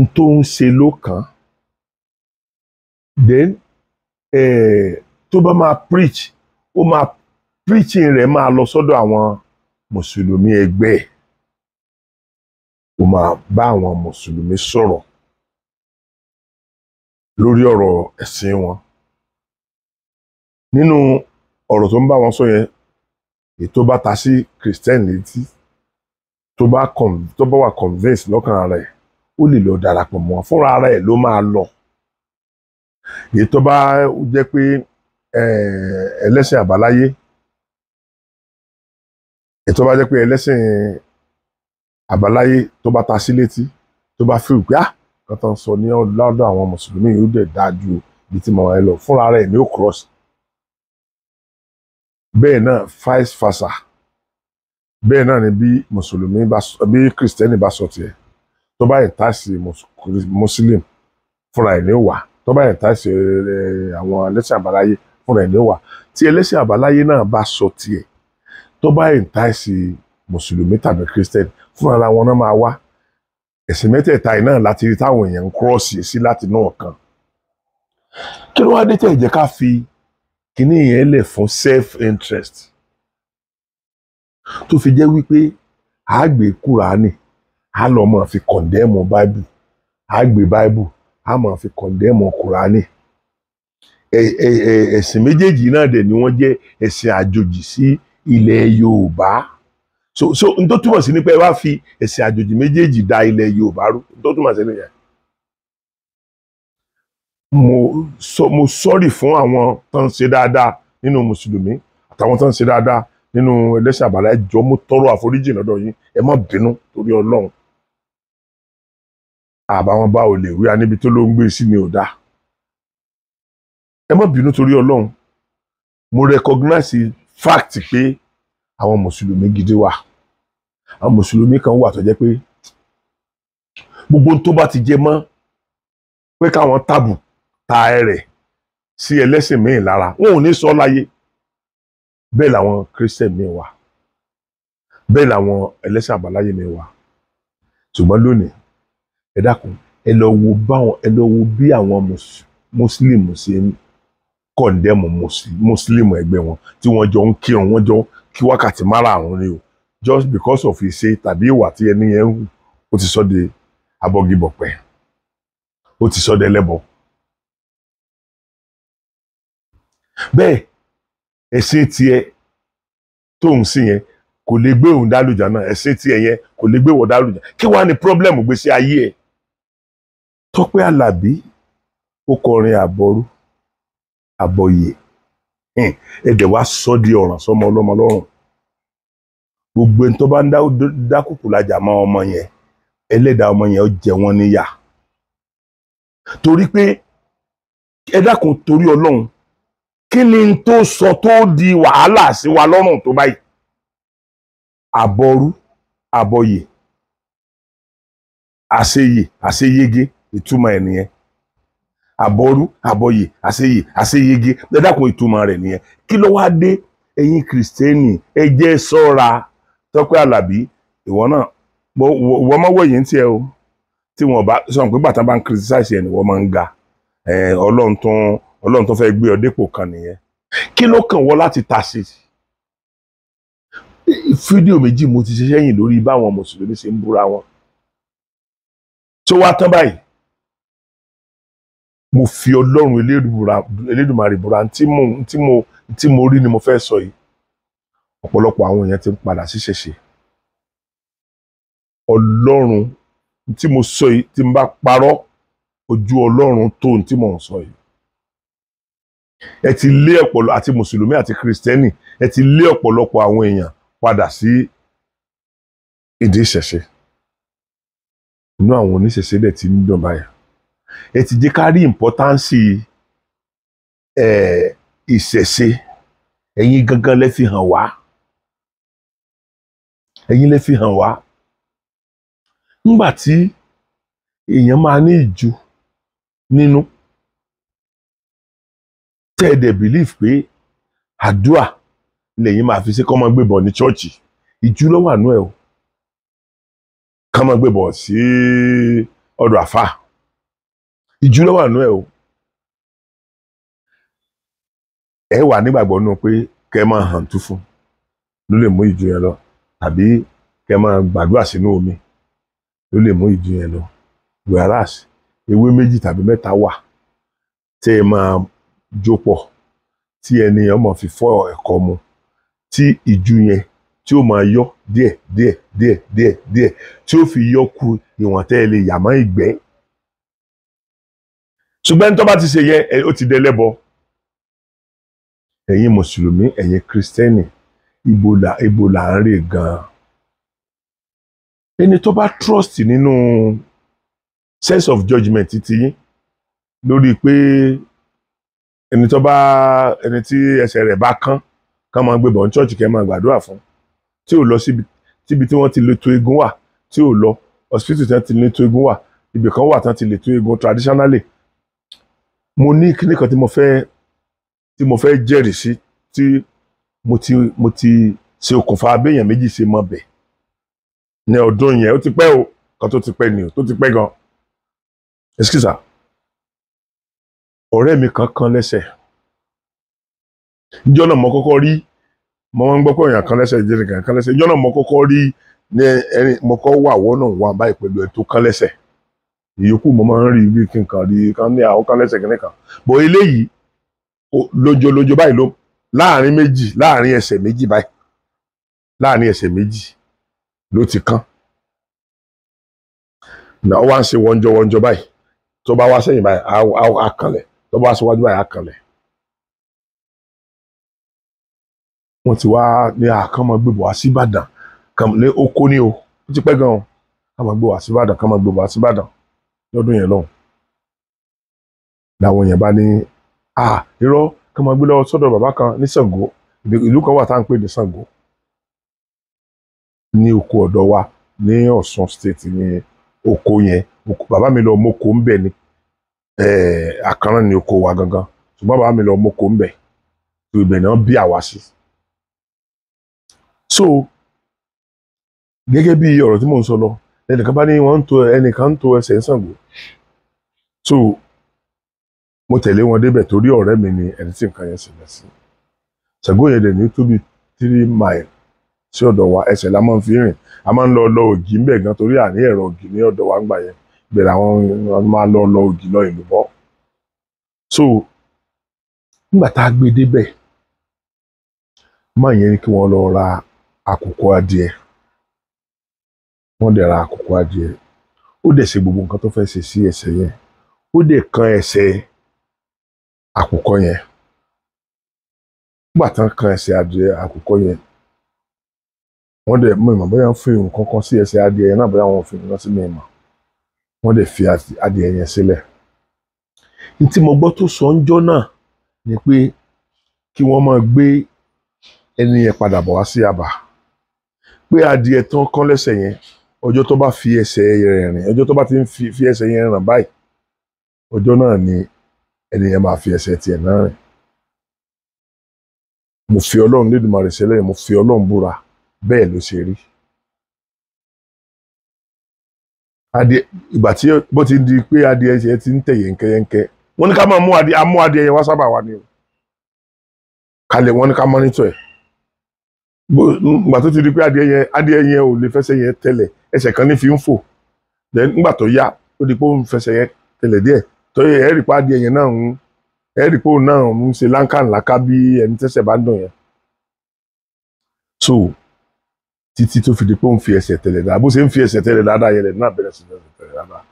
n tó ń ṣe then eh, tó bá máa preach ó máa preaching rẹ̀ máa lọ sọ́dọ̀ àwọn mùsùlùmí ẹgbẹ́ ẹ̀ ó máa bá àwọn mùsùlùmí sọ̀rọ̀ lórí ọ̀rọ̀ ẹ̀sìn wọn nínú ọ̀rọ̀ tó ń bá wọn sọ yẹn èyí bá ta sí christian létí tó bá wà convince lọ́kàn ara ẹ̀ ó lè lọ darapọ̀ mọ́ fúnra ara ẹ̀ ló máa lọ èyí tó bá jẹ́ pé ẹlẹ́sìn àbáláyé èyí tó bá jẹ́ pé ẹlẹ́sìn àbáláyé tó bá ta sí létí tó bá fi ìpè ah kan tó ń sọ ní lọ́dọ̀ àwọn mùsùlùmí yóò dẹ̀ dáa ju ibi tí mo wà lọ fúnra rẹ̀ ní ó cross bẹ́ẹ̀ náà vice versa bẹ́ẹ̀ náà ni bí mùsùlùmí bá bí kìrìsìtẹ́nì bá sọ tiẹ̀ tó bá yẹ tá sí mùsùlùmí fúnra ẹ̀ ní ó tó bá yẹn tá ṣe àwọn ẹlẹ́sìn àbáláyé fúnra ẹ̀ níwà tí ẹlẹ́sìn àbáláyé náà bá sọ tiẹ̀ tó bá yẹn tá ṣe mùsùlùmí tàbí kírísítẹ́nì fúnra wọn náà máa wá ẹ̀sìn mẹ́tẹ̀ẹ̀ta yìí náà láti rí táwọn èèyàn ń kúrọ́ọ̀sì sí láti náà kan kí ló wá dé tẹ̀ jẹ́ ká fi kíní yẹn lẹ̀ fún self interest tó fi jẹ́ wípé àgbè kúránì á lọ́ mọ̀ fi kọ̀ndẹ́mù báíbù àgbè bible a máa fi kọ̀ndẹ́mọ̀ kúránì ẹ̀sìn méjèèjì náà dẹ̀ ni wọ́n jẹ́ ẹ̀sìn àjòjì sí ilẹ̀ Yorùbá so so n tó túmọ̀ sí ni pé ẹ wá fi ẹ̀sìn àjòjì méjèèjì da ilẹ̀ Yorùbá rú n tó túmọ̀ sí nìyẹn mo sọ mo sọ́rí fún àwọn tó ń ṣe dáadáa nínú mùsùlùmí àtàwọn tó ń ṣe dáadáa nínú ẹlẹ́sìn àbàlá ẹ jọ̀ọ́ mo tọrọ àforíjì lọ́dọ̀ yín ẹ má bínú torí Ọlọ́run àbáwọn bá ò lè wí a níbi tó ló ń gbé sí ni ò dáa ẹ má bínú torí Ọlọ́run mo recognize fact pé àwọn mùsùlùmí gidi wà àwọn mùsùlùmí kan wà tó jẹ́ pé gbogbo tó bá ti jẹ mọ́ pé káwọn tábù ta ẹrẹ̀ sí ẹlẹ́sìn míì lára wọn ò ní sọ láyé bẹ́ẹ̀ làwọn christian míì wà bẹ́ẹ̀ làwọn ẹlẹ́sìn àbáláyé míì wà ṣùgbọ́n lónìí ẹ dákun ẹ lọ wo báwọn ẹ lọ wo bí àwọn mùsùlùmí ṣe ń kọ̀ǹdẹ́mù mùsùlùmí ẹgbẹ́ wọn tí wọ́n jọ ń kírun wọ́n jọ kí wákàtí márààrún ni o just because of ìṣe tàbí ìwà tí ẹni yẹn ń hù ó ti sọ de abọ́gibọ̀pẹ̀ ó ti sọ de ẹlẹ́bọ. bẹ́ẹ̀ ẹ̀sìn tiẹ̀ tó ń sìn yẹn kò lè gbé òun dálùjá náà ẹ̀sìn tiẹ̀ yẹn kò lè gbé wọ́n dálùjá kí wàá ní pírọ́blẹ́mù gbèsè ayé ẹ̀ Tọ́pẹ́ Àlàbí ó kọrin àbọrú àbọyè ẹdẹ wa sọ di ọ̀ràn sọmọ ọlọ́mọ lọ́rùn gbogbo ẹni tó bá ń dákùkù lajà mọ́ ọmọ yẹn ẹlẹ́dàá ọmọ yẹn ó jẹ wọ́n níyà torí pé ẹ dákun torí Ọlọ́run kí ni n tó sọ tó di wàhálà sí wa lọ́rùn tó báyìí àbọrú àbọyè àṣeyè àṣeyege ìtumọ̀ ẹ̀ nìyẹn àbọrú àbọyè àṣeyè àṣeyege lẹ́dàkùn ìtumọ̀ rẹ̀ nìyẹn kí ló wáá dé ẹ̀yin kìrìsìtẹ́nì ẹ jẹ́ sọ́ra tọ́pẹ́ àlàbí ìwọ náà ìwọ mọ́ wọ̀nyí ń tiẹ̀ o tí wọn bá sọ pé bàtà bá ń kìrìsìtàìsì ẹ̀ ni wọ́n máa ń ga ọlọ́run tó ọlọ́run tó fẹ́ gbé ọ dépò kan nìyẹn kí ló kàn wọ́ láti ta sí i fídíò méjì mo ti ṣe sẹ́yìn lórí báwọn mùsùlùmí ṣe ń búra wọn tó wá tán báyìí mo fi ọlọ́run elédùmarè búra tí mo tí mo tí mo rí ni mo fẹ́ sọ yìí ọ̀pọ̀lọpọ̀ àwọn èèyàn ti ń padà sí ṣèṣe ọlọ́run tí mo sọ yìí tí n bá parọ́ ojú ọlọ́run tó ohun tí mò ń sọ yìí ẹ ti lé ọ̀pọ̀lọpọ̀ àti mùsùlùmí àti kìrìsìtẹ́nì ẹ ti lé ọ̀pọ̀lọpọ̀ àwọn èèyàn padà sí ìdí ìṣẹ̀ṣe inú àwọn oníṣẹ̀ṣe dẹ̀ ti ń dùn báyìí ẹ ti jẹ́ ká rí ìmpọ́tánsì gangan lẹ fi hàn wá ẹ̀yin lẹ fi hàn wá ngbàtí tí èèyàn máa ní ìju nínú tẹ ẹ dẹ̀ believe pé àdúà lẹ́yìn máa fi si kọ́ máa gbébọn ní chọ́ọ̀chì ìjú ló wà nú ẹ̀ o ká máa gbébọn sí ọdọ àfáà. ìjú ló wà nú ẹ o ẹ wà nígbàgbọ́ nù pé kẹ máa hàn tú fún ló lè mú ìjú yẹn lọ àbí kẹ máa gbàdúrà sínú omi ló lè mú ìjú yẹn lọ whereas ewé méjì tàbí mẹ́ta wà tẹ́ ẹ máa jó pọ̀ tí ẹni ọmọ fi fọ́ ẹ̀kọ́ mu tí ìjú yẹn tí ó máa yọ díẹ̀ díẹ̀ díẹ̀ díẹ̀ tí ó fi yọ kù ìwọ̀n tẹ́ ẹ lè yà ìgbẹ́ ṣùgbọ́n tó bá ti ṣe yẹn ó ti dẹlẹ́bọ ẹ̀yin mùsùlùmí ẹ̀yin kristẹni ibo là ibo ń rè gan-an ẹni tó bá trust nínú sense of judgment ti yín lórí pé ẹni tó bá ẹni tí ẹsẹ̀ rẹ̀ bá kán kán máa gbé bọ̀ ní church kẹ́ máa gbàdúrà fún tí ò lọ síbi tí wọ́n ti lè to eégún wà tí ò lọ hospital tí wọ́n ti lè to eégún wà ibì wà tí wọ́n ti lè to eégún traditionally mo ní kinní kan tí mo fẹ́ tí mo fẹ́ jẹ́rìí sí tí mo ti mo ti ṣe okùnfà abéèyàn méjì ṣe mọ bẹ̀ ní ọdún yẹn ó ti pẹ́ o kan tó ti pẹ́ ni o tó ti pẹ́ gan excuse me ọ̀rẹ́ mi kan kan lẹ́sẹ̀ ìjọ náà mo kọ́kọ́ rí mo máa ń gbọ́ pé èèyàn kan lẹ́sẹ̀ jẹ́rìí kan kan lẹ́sẹ̀ ìjọ náà mo kọ́kọ́ rí ní ẹni mo kọ́ wà wọ́nà wà báyìí pẹ̀lú ẹ̀ tó kan lẹ́sẹ̀ ìyókù mo máa ń rí bí kí n kàn rí kán ní àwọn kan lẹ́sẹ̀ kìnìkan bọ̀ eléyìí lójolójo báyìí ló láàrin méjì láàrin ẹsẹ̀ méjì báyìí láàrin ẹsẹ̀ méjì ló ti kán na ó wá ń ṣe wọ́njọ́ wọ́njọ́ báyìí tó bá wá sẹ́yìn báyìí á kanlẹ̀ tó bá wá síwájú báyìí á kanlẹ̀ wọ́n ti wá ní àkànmọ́ gbé wá sí Ìbàdàn ní oko ní o ó ti pẹ́ gan-an àmọ́ gbé wá sí Ìbàdàn kànmọ́ gbé wá sí lọ́dún yẹn lọ́hùn làwọn yẹn bá ní à irọ́ kí wọ́n bàbá kan ní ìlú kan wà tá à ń pè ní ní oko ọ̀dọ̀ wa ní ọ̀sán state ní oko yẹn bàbá mi lọ ń bẹ̀ ni ní oko wa gangan ṣùgbọ́n bàbá mi lọ ń bẹ̀ tó ibẹ̀ náà ẹnìkan ni wọ́n to ẹnìkan ń to ẹsẹ̀ Ṣàngó so mo tẹ̀lé wọn débẹ̀ torí ọ̀rẹ́ mi ni ẹni tí nǹkan yẹn ṣẹlẹ̀ sí Ṣàngó yẹn three mile sí ọ̀dọ̀ wa la máa ń fi a ma ń lọ lọ ògì ńbẹ̀ gan torí àní ẹ̀rọ ògì ní ọ̀dọ̀ wa gbà yẹn bẹ̀rẹ̀ àwọn máa lọ lọ so nígbà tá a gbé débẹ̀ máa yẹn kí lọ ra àkùkọ wọ́n dẹ̀ ra àkókò adìẹ ó dẹ̀ ṣe gbogbo nǹkan tó fẹ́ ṣe sí ẹsẹ̀ yẹn ó dẹ̀ kan ẹsẹ̀ àkùkọ yẹn nígbà tán kan ẹsẹ̀ adìẹ àkùkọ yẹn wọ́n dẹ̀ mú ìmọ̀ bóyá ń fi nǹkan kan sí ẹsẹ̀ adìẹ yẹn náà bóyá wọn ò fi nǹkan sí mi ìmọ̀ wọ́n dẹ̀ fi adìẹ yẹn sílẹ̀ ní tí mo gbọ́ tó sọ ń jọ́ náà ni pé kí wọ́n máa gbé ẹni yẹn padà bọ̀ wá sí àbá pé adìẹ tán kán lẹ́sẹ̀ yẹn ọjọ́ tó bá fi ẹsẹ̀ rẹ̀ rìn tó bá ti fi ẹsẹ̀ yẹn báyìí ọjọ́ náà ni ẹni e máa fi ẹsẹ̀ tiẹ̀ náà rìn mo fi ọlọ́run lédùmarè sẹ́lẹ̀ mo fi ọlọ́run búra bẹ́ẹ̀ ló se rí ìgbà tí ti di pé ti ń tẹ̀ wọ́n ní ká máa wọ́n ní ká gbà tó ti di pé adìẹ yẹn adìẹ yẹn ò lè fẹsẹ̀ yẹn tẹ̀lẹ̀ ẹsẹ̀ kan ní fi ń fò then ngbà tó yá ó di pé ó ń fẹsẹ̀ yẹn tẹ̀lẹ̀ díẹ̀ tó yẹ ẹ rí pé adìẹ yẹn náà ń ẹ rí pé òun náà ń ṣe láńkàǹláká bí ẹni tẹsẹ̀ bá dùn yẹn. so títí tó fi di pé ó ń fi ẹsẹ̀ tẹ̀lẹ̀ dáadáa bó ṣe ń fi ẹsẹ̀ tẹ̀lẹ̀ dáadáa yẹn lẹ́nu náà bẹ̀rẹ̀ sí ẹsẹ̀ tẹ̀lẹ̀ dáadáa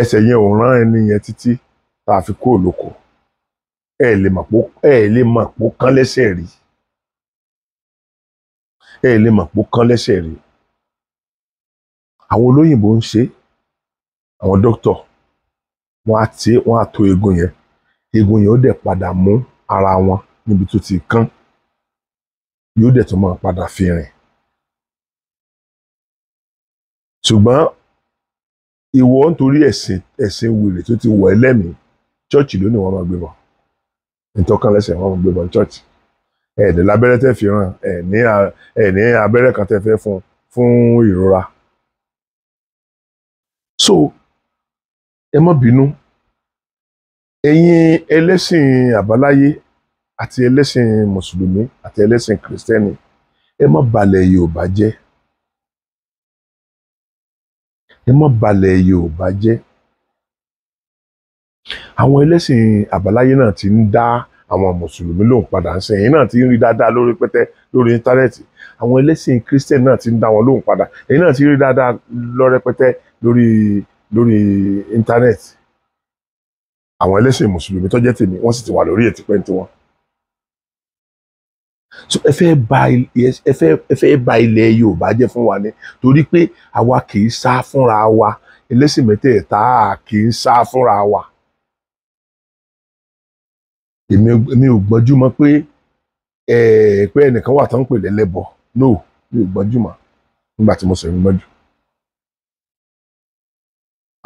ẹsẹ̀ yẹn ò rán ẹni yẹn títí tá a fi kó òlòkò ẹ lè mọ̀ pó kán lẹ́sẹ̀ rí ẹ lè mọ̀ pé ó kán lẹ́sẹ̀ rí àwọn olóyìnbó ń ṣe àwọn dókítọ̀ wọ́n á ti wọ́n á to eegun yẹn eegun yẹn ó dẹ̀ padà mú ara wọn níbi tó ti kán yóò dẹ̀ tún máa padà fi rìn ṣùgbọ́n ìwọ nítorí ẹ̀sìn ẹ̀sìn wèrè tó ti wọ̀ ẹ́ lẹ́mìí chọ́ọ̀chì lónìí wọ́n máa gbé bọ̀ ntọ́kànlẹ́sẹ̀ wọ́n máa gbé bọ̀ ní chọ́ọ̀chì ẹ̀ẹ́dẹ̀ lábẹ́rẹ́ tẹ́ fi ràn ẹ̀ẹ́ní abẹ́rẹ́ kan tẹ́ fẹ́ fún fún ìrora. so ẹ má bínú ẹ̀yin ẹlẹ́sìn àbáláyé àti ẹlẹ́sìn mùsùlùmí àti ẹlẹ́sìn kìrìsìtẹ́nì ẹ má balẹ̀ Yorùbá jẹ́ ẹ má balẹ̀ Yorùbá jẹ́ àwọn ẹlẹ́sìn àbáláyé náà ti ń dá. Da àwọn mùsùlùmí ló ń padà ń sìn èyí náà ti ń rí dáadáa lórí pẹ́tẹ́ lórí íńtánẹ́ẹ̀tì àwọn ẹlẹ́sìn christian náà ti ń dá wọn lóhùn padà èyí náà ti rí dáadáa lọ́rẹ́pẹ́tẹ́ lórí lórí íńtánẹ́ẹ̀tì àwọn ẹlẹ́sìn mùsùlùmí tó jẹ́ tèmi wọ́n sì ti wà lórí ètí pẹ́ntì wọn. so ẹ fẹ́ bà ẹ fẹ́ ẹ fẹ́ bà ilẹ̀ Yorùbá jẹ́ fún wa ni torí pé àwa kì í sá fúnra wa ẹlẹ́sìn mẹ́tẹ̀ẹ̀ta kì í sá fúnra wa èmi ò gbọ́njú mọ́ pé eh, pé ẹnìkan wà tó ń pè lẹ́lẹ́bọ̀ no mi ò gbọ́njú mọ́ nígbà tí mo sọ èmi gbọ́njú.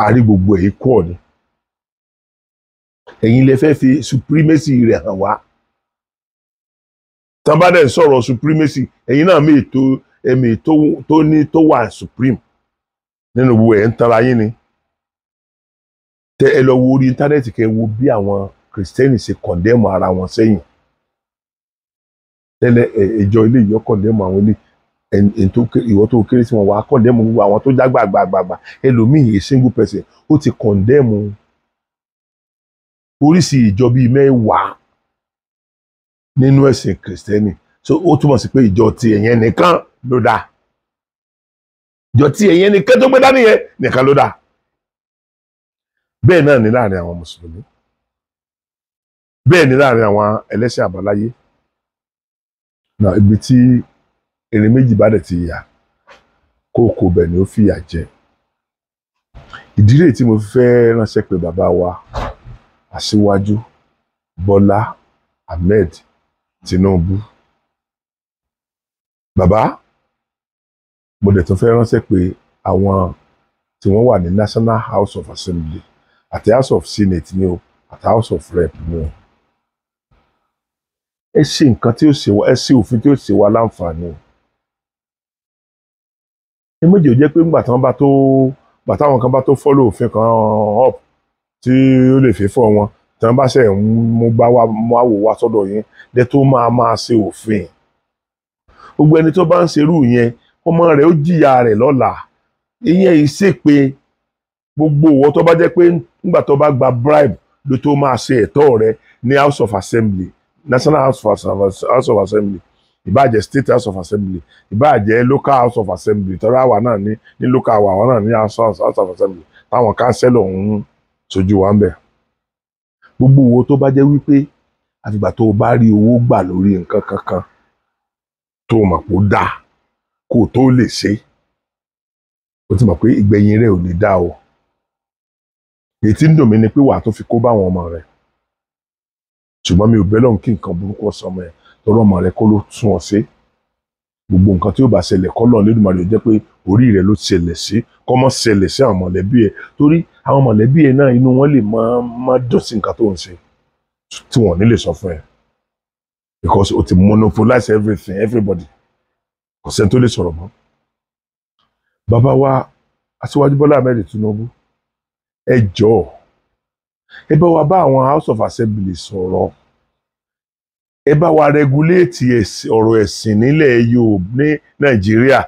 a rí gbogbo èyí kú ọ̀ ni ẹ̀yin lè fẹ́ fi supremacy rẹ̀ hàn wá tán bá dẹ̀ ń sọ̀rọ̀ supremacy ẹ̀yin náà mi ètò ẹ̀mí tó ní tó wà supreme nínú gbogbo ẹ̀ ń tanra yín ni tẹ ẹ lọ wo orí íńtánẹ́ẹ̀tì kẹ wo bí àwọn kìrìsìtẹ́nì ṣe kọ̀ndẹ́mù ara wọn sẹ́yìn tẹ́lẹ̀ ìjọ ilé ìyọ́ kọ̀ndẹ́mù àwọn ilé ìwọ tó kéré sí wọn wà á kọ̀ndẹ́mù gbogbo àwọn tó já gbàgbàgbà ẹlòmíì a single person ó ti kọ̀ndẹ́mù oríṣi ìjọ bíi mẹ́wàá nínú ẹ̀sìn kìrìsìtẹ́nì so ó túmọ̀ sí pé ìjọ ti ẹ̀yẹn nìkan ló dáa ìjọ ti ẹ̀yẹn nìkan tó gbé dání yẹn nìkan ló dáa bẹ́ẹ̀ náà ni láàrin àwọn mùsùlùmí bẹ́ẹ̀ ni láàrin àwọn ẹlẹ́sìn àbáláyé náà ibi tí erin méjì bá dẹ̀ ti yà kókó bẹ̀ ni ó fìyà jẹ ìdílé tí mo fẹ́ ránṣẹ́ pé bàbá wa aṣíwájú Bọ́lá Ahmed Tinubu bàbá mo dẹ̀ tún fẹ́ ránṣẹ́ pé àwọn tí wọ́n wà ní National House of Assembly àti House of Senate ni o àti House of Rep ni o ẹ ṣe nǹkan tí ó ṣe wá ẹ ṣe òfin tí ó ṣe wá láǹfààní ẹ méjì ò jẹ́ pé ńgbà táwọn bá tó gbà táwọn kan bá tó fọ́lò òfin kan up tí ó lè fẹ́ fọ́ wọn tí wọ́n bá ṣe ń mú gbá wa mú àwò wa sọ́dọ̀ yẹn dẹ́ tó máa máa ṣe òfin gbogbo ẹni tó bá ń ṣerú yẹn ọmọ rẹ̀ ó jìyà rẹ̀ lọ́la ìyẹn ìṣèpè gbogbo òwò tó bá jẹ́ pé ńgbà tó bá gba bribe ló tó máa ṣe ẹ̀tọ́ rẹ̀ ní House of Assembly national house of house of assembly ìbàjẹ́ state house of assembly ìbàjẹ́ local house of assembly tọrọ àwa náà ní ní local àwa náà ní house of assembly táwọn kánsẹ́lọ̀ ọ̀hún sojú wa ń bẹ̀. gbogbo owó tó bá jẹ́ wípé àfìgbà tó o bá rí owó gbà lórí nǹkan kankan tó o mọ̀ pé ó dáa kó o tó lè ṣe o ti mọ̀ pé ìgbẹ̀yìn rẹ̀ ò ní o èyí tí ń dùn mí ni pé wàá fi kó báwọn ọmọ rẹ̀ ṣùgbọ́n mi ò bẹ́ lọ́hùn kí nǹkan burúkú ọ̀sán ọmọ yẹn tọrọ ọmọ rẹ kọ́ ló tún ọ sí gbogbo nǹkan tí ó bá ṣẹlẹ̀ kọ́ lọ́n lẹ́dùnmarè jẹ́ pé orí rẹ ló ṣẹlẹ̀ sí kọ́ mọ́ ṣẹlẹ̀ sí àwọn mọ̀lẹ́bí ẹ torí àwọn mọ̀lẹ́bí ẹ náà inú wọn lè máa máa dùn sí nǹkan tó ń ṣe tí wọn ò ní lè sọ fún ẹ because o ti monopolize everything everybody kò sẹ́ni tó lè sọ̀rọ̀ mọ́ bàbá wa Bọ́lá Ahmed Tinubu ẹ jọ̀ọ́ ẹ bá wa bá àwọn house of assembly sọ̀rọ̀ ẹ bá wa regulate ọ̀rọ̀ ẹ̀sìn nílẹ̀ Yorùbá ní Nàìjíríà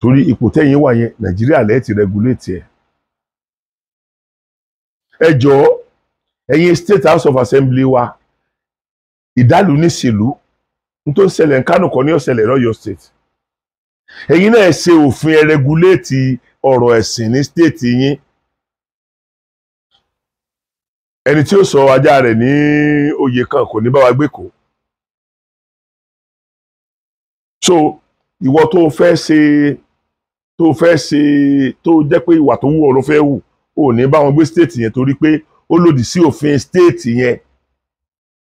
torí ipò tẹ́yìn wà yẹn Nàìjíríà lẹ́ẹ̀ ti regulate ẹ̀ ẹ jọ̀ọ́ ẹ̀yin state house of assembly wa ìdálù níṣèlú tó ń ṣẹlẹ̀ Kánò kan ní ọ̀ṣẹlẹ̀ lọ́yọ̀ state ẹ̀yin náà ṣe òfin ẹ̀ regulate ọ̀rọ̀ ẹ̀sìn ní state yín ẹni tí ó sọ ajá rẹ̀ ní oyè kan kò ní bá wa gbé so ìwọ tó fẹ́ ṣe tó fẹ́ ṣe tó jẹ́ pé ìwà tó wù ọ́ ló fẹ́ wù ò ní bá wọn gbé state yẹn torí pé ó lòdì sí òfin stéètì yẹn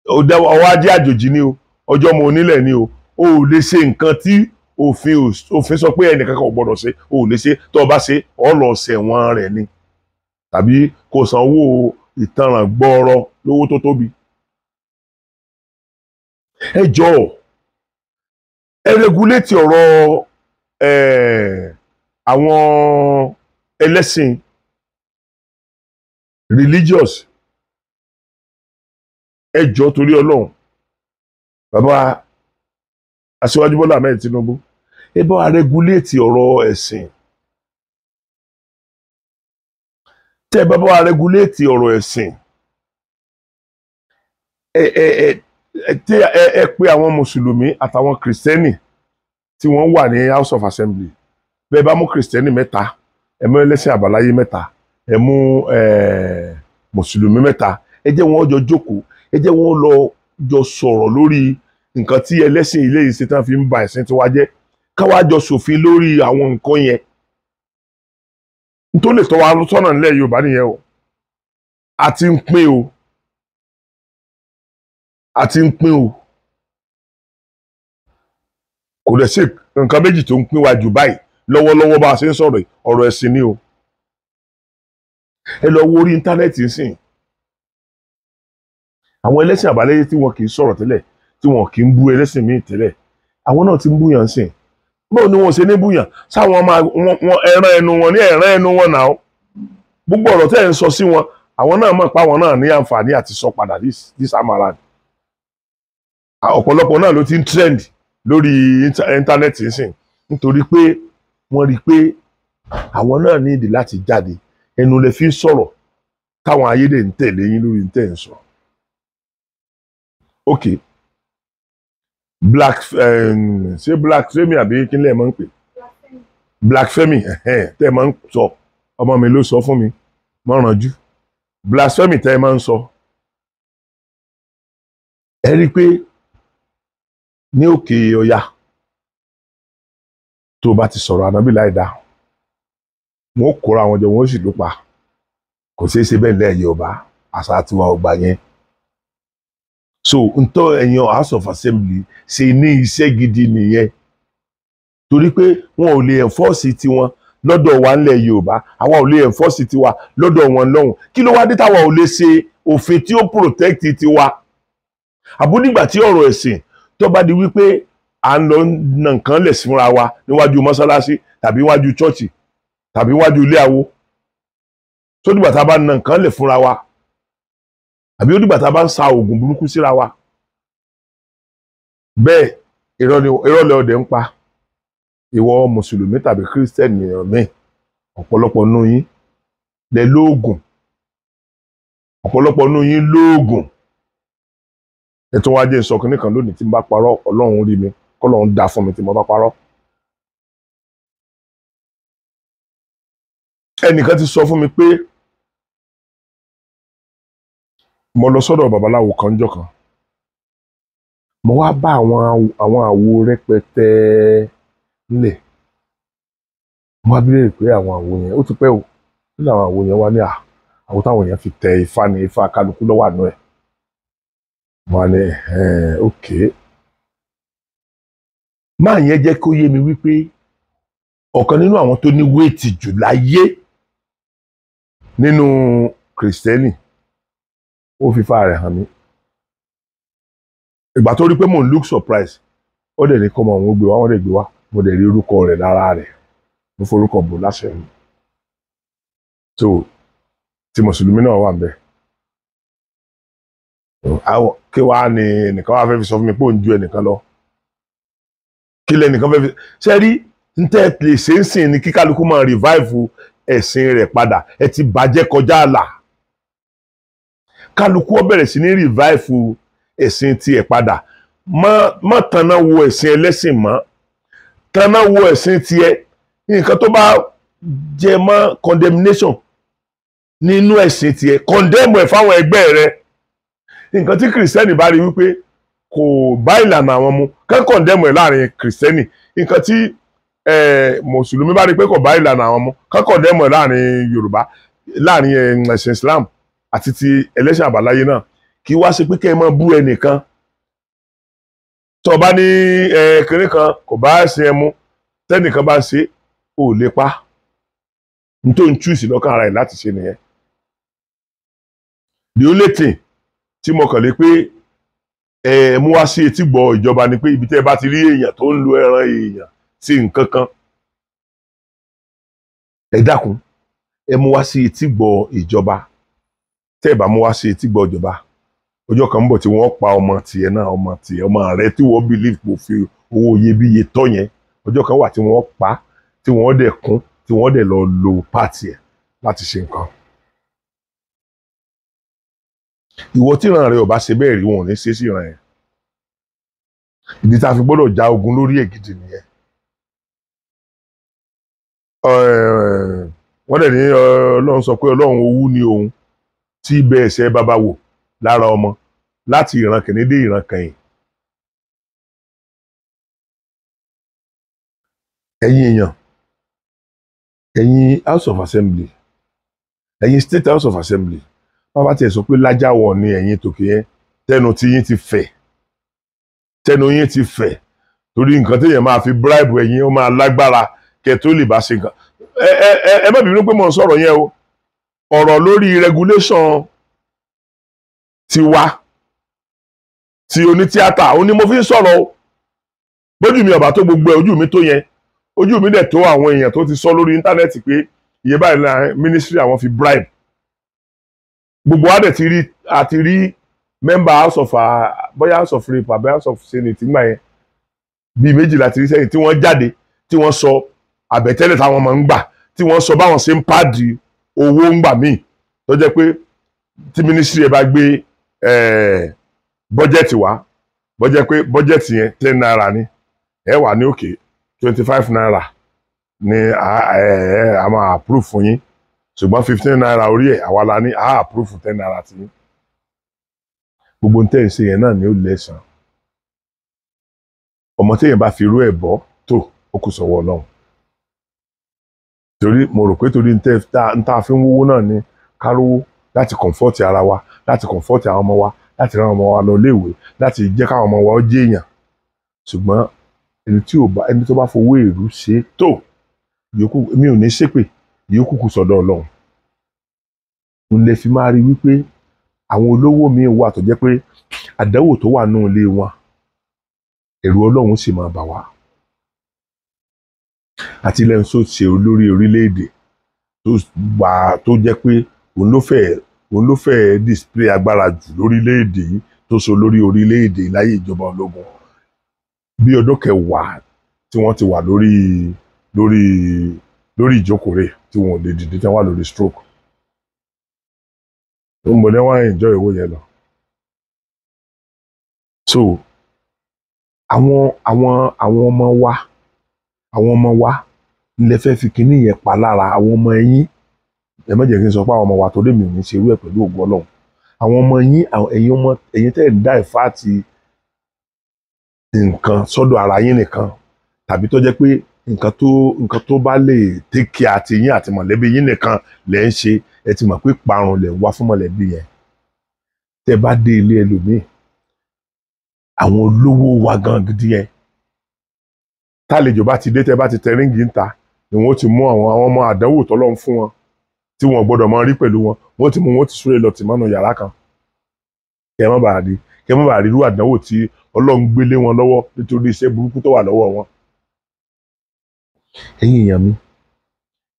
ọwọ́ ajé àjòjì ni o ọjọ́ ọmọ onílẹ̀ ni o o ò lè ṣe nǹkan tí òfin òfin sọ pé ẹnìkan kan ò gbọdọ̀ ṣe o ò lè ṣe tó o bá ṣe ọ lọ ṣẹ̀wọ̀n rẹ̀ ni tàbí kò san owó ìtanràn gbọ́ọ̀rọ̀ lówó tó tóbi ẹ jọ̀ọ́ ẹ regulate ọ̀rọ̀ àwọn ẹlẹ́sìn religious ẹ jọ̀ọ́ torí Ọlọ́run bàbá Aṣíwájú Bọ́lá Ahmed Tinubu ẹ bá wa regulate ọ̀rọ̀ ẹ̀sìn tẹ́ ẹ bá bá wa rẹ́gúléètì ọ̀rọ̀ ẹ̀sìn ẹ ẹ ẹ tí ẹ pé àwọn mùsùlùmí àtàwọn kìrìsìtẹ́nì tí wọ́n wà ní house of assembly bẹ́ẹ̀ bá mú kìrìsìtẹ́nì mẹ́ta ẹ mú ẹlẹ́sìn àbáláyé mẹ́ta ẹ mú mùsùlùmí mẹ́ta ẹ jẹ́ wọn jọ jókòó ẹ jẹ́ wọn lọ jọ sọ̀rọ̀ lórí nǹkan tí ẹlẹ́sìn ilé yìí ṣe tán fi ń ba ẹ̀sìn tiwa jẹ́ káwá jọ ṣòfin lórí àwọn nǹkan yẹn tó lè tọ́ wa sọ́nà nílẹ̀ Yorùbá nìyẹn o a ń pín o a ń pín o kò dẹ̀ sí nǹkan méjì tó ń pín wa jù báyìí lọ́wọ́lọ́wọ́ bá a ṣe ń sọ̀rọ̀ ọ̀rọ̀ ẹ̀sìn ni o ẹ lọ wo orí íńtánẹ́ẹ̀tì nsìn àwọn ẹlẹ́sìn àbáláyé tí wọn kì í sọ̀rọ̀ tẹ́lẹ̀ tí wọn kì í bú ẹlẹ́sìn míì tẹ́lẹ̀ àwọn náà ti ń bú yàn sìn bóun ni wọn ṣe ní búyàn sáwọn máa wọn ẹran ẹnu wọn ní ẹran ẹnu wọn náà gbogbo ọ̀rọ̀ tẹ́ ẹ̀ ń sọ sí wọn àwọn náà mọ̀ pa wọn náà ní àǹfààní àti sọ padà samara amaran ọ̀pọ̀lọpọ̀ náà ló ti ń trend lórí íńtánẹ́ẹ̀tì nísìn nítorí pé wọn rí i pé àwọn náà ní ìdí láti jáde ẹnu lè fi sọ̀rọ̀ táwọn ayédè ń tẹ̀lé yín lórí ń tẹ̀ ń sọ. black ṣé black femi àbí kí lẹ́ẹ̀ máa ń pè black femi tẹ́ ẹ máa ń sọ ọmọ mi ló sọ fún mi mọ́ Black blasphemy tẹ́ ẹ máa ń sọ ẹ rí i pé ní òkè ọ̀yà tó o bá ti sọ̀rọ̀ ànábì láì dá wọn ó kóra àwọn jọ wọn ó sì ló pa kò ṣeé ṣe bẹ́ẹ̀ lẹ́yìn ọba àṣà tiwa ọgbà yẹn so ntọ́ ẹ̀yàn house of assembly ṣe ní iṣẹ́ gidi nìyẹn torí pé wọn ò lè enforce tiwọn lọ́dọ̀ wa ńlẹ̀ yorùbá àwa ò lè enforce tiwa lọ́dọ̀ wọn lọ́hùn kí ló wá dé táwa ò lè ṣe òfin tí ó protect tiwa àbúdìgbà tí ọ̀rọ̀ ẹ̀sìn tó bá di wípé à ń lọ nà nǹkan lẹ̀ sí fúnra wa níwájú mọ́sálásí tàbí níwájú chọ́ọ̀chì tàbí níwájú ilé àwo tó dìgbà tá a bá nǹkan lẹ̀ fúnra wa àbí ó dìgbà tá a bá ń sa oògùn burúkú síra wa bẹ́ẹ̀ ìrọ̀lẹ́ ọdẹ ń pa ìwọ mùsùlùmí tàbí kírísítẹ́nì èèyàn míì ọ̀pọ̀lọpọ̀ nú yín lẹ lóògùn ọ̀pọ̀lọpọ̀ nú yín lóògùn ẹ tún wáá jẹ́ ìsọkùn nìkan lónìí tí n bá parọ́ ọlọ́run rí mi kọ́lọ́run dá fún mi tí mo bá parọ́. ẹnìkan ti sọ fún mi pé mo lọ sọdọ babaláwo kan jọ́ kan mo wá bá àwọn àwo rẹpẹtẹ ńlẹ̀ mo wá bílẹ̀ pé àwọn àwo yẹn ó ti pẹ́ o nínú àwọn àwo yẹn wá ní à àwo táwọn yẹn fi tẹ ifá ní ifá kálukú lọ́wọ́ àánú ẹ̀ mo wá ní ókè máa yẹn jẹ́ kó yé mi wípé ọ̀kan nínú àwọn tó ní wéètì jù láyé nínú kìrìsìtẹ́nì ó fífa rẹ̀ hàn mí ìgbà tó rí pé mò ń look surprise ó dẹ̀ ní kọ́mọ òun gbé wá wọ́n dẹ̀ gbé wá mo dẹ̀ rí orúkọ rẹ̀ lára rẹ̀ mo forúkọ bò láṣẹ mi so tí mùsùlùmí náà wà nbẹ kí wàá ní ẹnìkan wàá fẹ́ fi sọ fún mi pé òun ju ẹnìkan lọ kí lẹnìkan fẹ́ fi ṣe rí n tẹ́ lè ṣe ń sìn ní kíkálukú máa revive ẹ̀sìn rẹ̀ padà ẹ ti bàjẹ́ kọjá àlà kálukú ó bẹ̀rẹ̀ sí ní rìváìfù ẹ̀sìn tiẹ̀ padà mọ́ tanná wo ẹ̀sìn ẹlẹ́sìn mọ́ tanná wo ẹ̀sìn tiẹ̀ nǹkan tó bá jẹ mọ́ condemnation nínú ẹ̀sìn tiẹ̀ condemn ẹ̀ fáwọn ẹgbẹ́ rẹ nǹkan tí kìrìsìtẹ́nì bá rí wípé kò bá ìlànà àwọn mu kán condemn ẹ̀ láàrin kìrìsìtẹ́nì nǹkan tí mùsùlùmí bá rí pé kò bá ìlànà àwọn mu kán condemn ẹ̀ láàrin yorùbá láàrin ẹ̀sìn islam àti ti ẹlẹ́sìn àbáláyé náà kí wá ṣe pé kẹ́ ẹ máa bú ẹnìkan tó bá ní kéré kan kò bá ṣe ẹ mú tẹ́nìkan bá ṣe ò lè pa n tó ń lọ́kàn ara ẹ̀ láti ṣe nìyẹn the only thing tí mo kàn lé pé ẹ mú wá sí etí gbọ́ ìjọba ni pé ibi tẹ́ ẹ bá ti rí èèyàn tó ń lo ẹran èèyàn sí nǹkan kan ẹ dákun ẹ mú wá sí etí gbọ́ ìjọba tẹ́ ẹ̀ bá mú wá sí etí gbọ́ ìjọba ọjọ́ kan ń tí wọ́n pa ọmọ tiẹ̀ náà ọmọ tiẹ̀ ọmọ rẹ tí wọ́n believe kò fi owó iyebíye tọ yẹn ọjọ kan wà tí wọ́n pa tí wọ́n dẹ̀ kún tí wọ́n dẹ̀ lọ lo pààtì ẹ̀ láti ṣe nǹkan. ìwọ tí ìran rẹ ò bá ṣe bẹ́ẹ̀ rí wọn ò ní ṣe sí ìran yẹn ìdí tá a fi gbọ́dọ̀ ja ogun lórí ègidì nìyẹn wọ́n dẹ̀ ní ọlọ́run sọ pé ọlọ́run owú ni òun tí bẹ ẹsẹ̀ bàbá wò lára ọmọ láti ìran kìíní dé ìran kẹyìn. ẹ̀yin èèyàn ẹ̀yin house of assembly ẹ̀yin state house of assembly bàbá tiẹ̀ sọ pé lájáwọ̀ ni ẹ̀yin tòkè yẹn tẹnu tí yín ti fẹ̀ tẹnu yín ti fẹ̀ torí nǹkan téèyàn máa fi bribe ẹ̀yin ó máa lágbára kẹ́ tó lè bá ṣe nǹkan ẹ ẹ ẹ má bínú pé mo ń sọ̀rọ̀ yẹn o ọ̀rọ̀ lórí regulation tiwa ti onítíátà òun ni mo fi ń sọ̀rọ̀ o bójú mi ọ̀bà tó gbogbo ẹ̀ ojú mi tó yẹn ojú mi dẹ̀ tó àwọn èèyàn tó ti sọ lórí íńtánẹ́ẹ̀tì pé iye báyìí la ministry àwọn fi bribe gbogbo wa dẹ̀ ti rí àti rí member house of ah, bóyá house of rep àbí house of senate nígbà yẹn bíi méjìlá ti rí sẹ́yìn tí wọ́n jáde tí wọ́n sọ àbẹ̀tẹ́lẹ̀ táwọn máa ń gbà tí wọ́n sọ báwọn ṣe ń pàdé owó ń gbà míì tó jẹ́ pé tí ministry ẹ bá gbé bọ́jẹ̀tì wá pé bọ́jẹ̀tì yẹn naira ni ẹ wà ní òkè naira ni a máa approve fún yín ṣùgbọ́n naira orí ẹ̀ àwa la a approve ten naira ti yín gbogbo ń tẹ́ ṣe náà ni ó lẹ́sàn-án ọmọ téèyàn bá fi irú ẹ̀ bọ́ tó ó kù torí mo rò pé torí n ta fi ń wówó náà ni kárówó láti kọ̀ǹfọ́ọ̀tì ara wa láti kọ̀ǹfọ́ọ̀tì àwọn ọmọ wa láti rán ọmọ wa lọ léèwé láti jẹ́ káwọn ọmọ wa ó jẹ́ èèyàn ṣùgbọ́n ẹni tí ò bá ẹni tó bá fowó èrú ṣe tó yòókù mi ò ní ṣépè yòókù kù sọ́dọ̀ ọlọ́run n lè fi máa rí wípé àwọn olówó mi wà tó jẹ́ pé àdánwò tó wà nù ilé wọn ẹ̀rù ọlọ́run sì máa bà wá àti lẹ́yìn tó ṣe olórí orílẹ̀-èdè tó wà tó jẹ́ pé òun ló fẹ́ òun ló fẹ́ display agbára jù lórílẹ̀-èdè yìí tó so lórí orílẹ̀-èdè láyé ìjọba ológun bí ọdún kẹwàá tí wọ́n ti wà lórí lórí lórí ìjókòrè tí wọn lè dìde tí wọ́n wà lórí stroke mo ní wọ́n enjoy owó yẹn lọ so àwọn àwọn àwọn ọmọ wa àwọn ọmọ wa ilẹ̀ fẹ́ fi kinní yẹn pa lára àwọn ọmọ yín ẹ má jẹ́ kí n sọ pé àwọn ọmọ wa tó lèmi ò ní ṣerú ẹ̀ pẹ̀lú ògo ọlọ́run àwọn ọmọ yín ẹ̀yin ọmọ ẹ̀yin tẹ́ ẹ̀ dá ìfá àti nǹkan sọ́dọ̀ ara yín nìkan tàbí tó jẹ́ pé nǹkan tó nǹkan tó bá lè tẹ́kì àti yín àti mọ̀lẹ́bí yín nìkan lẹ́ ń ṣe ẹ ti mọ̀ pé parun lẹ̀ wá fún mọ̀lẹ́bí yẹn tẹ́ bá dé ilé ẹlòmíì àwọn olówó wa gan gidi yẹn tálejò bá ti dé tẹ́ bá ti tẹ ríǹgì ń ta ni wọ́n ti mú àwọn àwọn ọmọ àdánwò tọ́lọ́run fún wọn tí wọ́n gbọ́dọ̀ máa rí pẹ̀lú wọn wọ́n ti mú wọn ti súré lọ tì mọ́nú yàrá kan kẹ́ má bàa rí kẹ́ má bàa rí irú àdánwò tí Ọlọ́run gbélé wọn lọ́wọ́ nítorí iṣẹ́ burúkú tó wà lọ́wọ́ wọn. ẹ̀yin èèyàn mi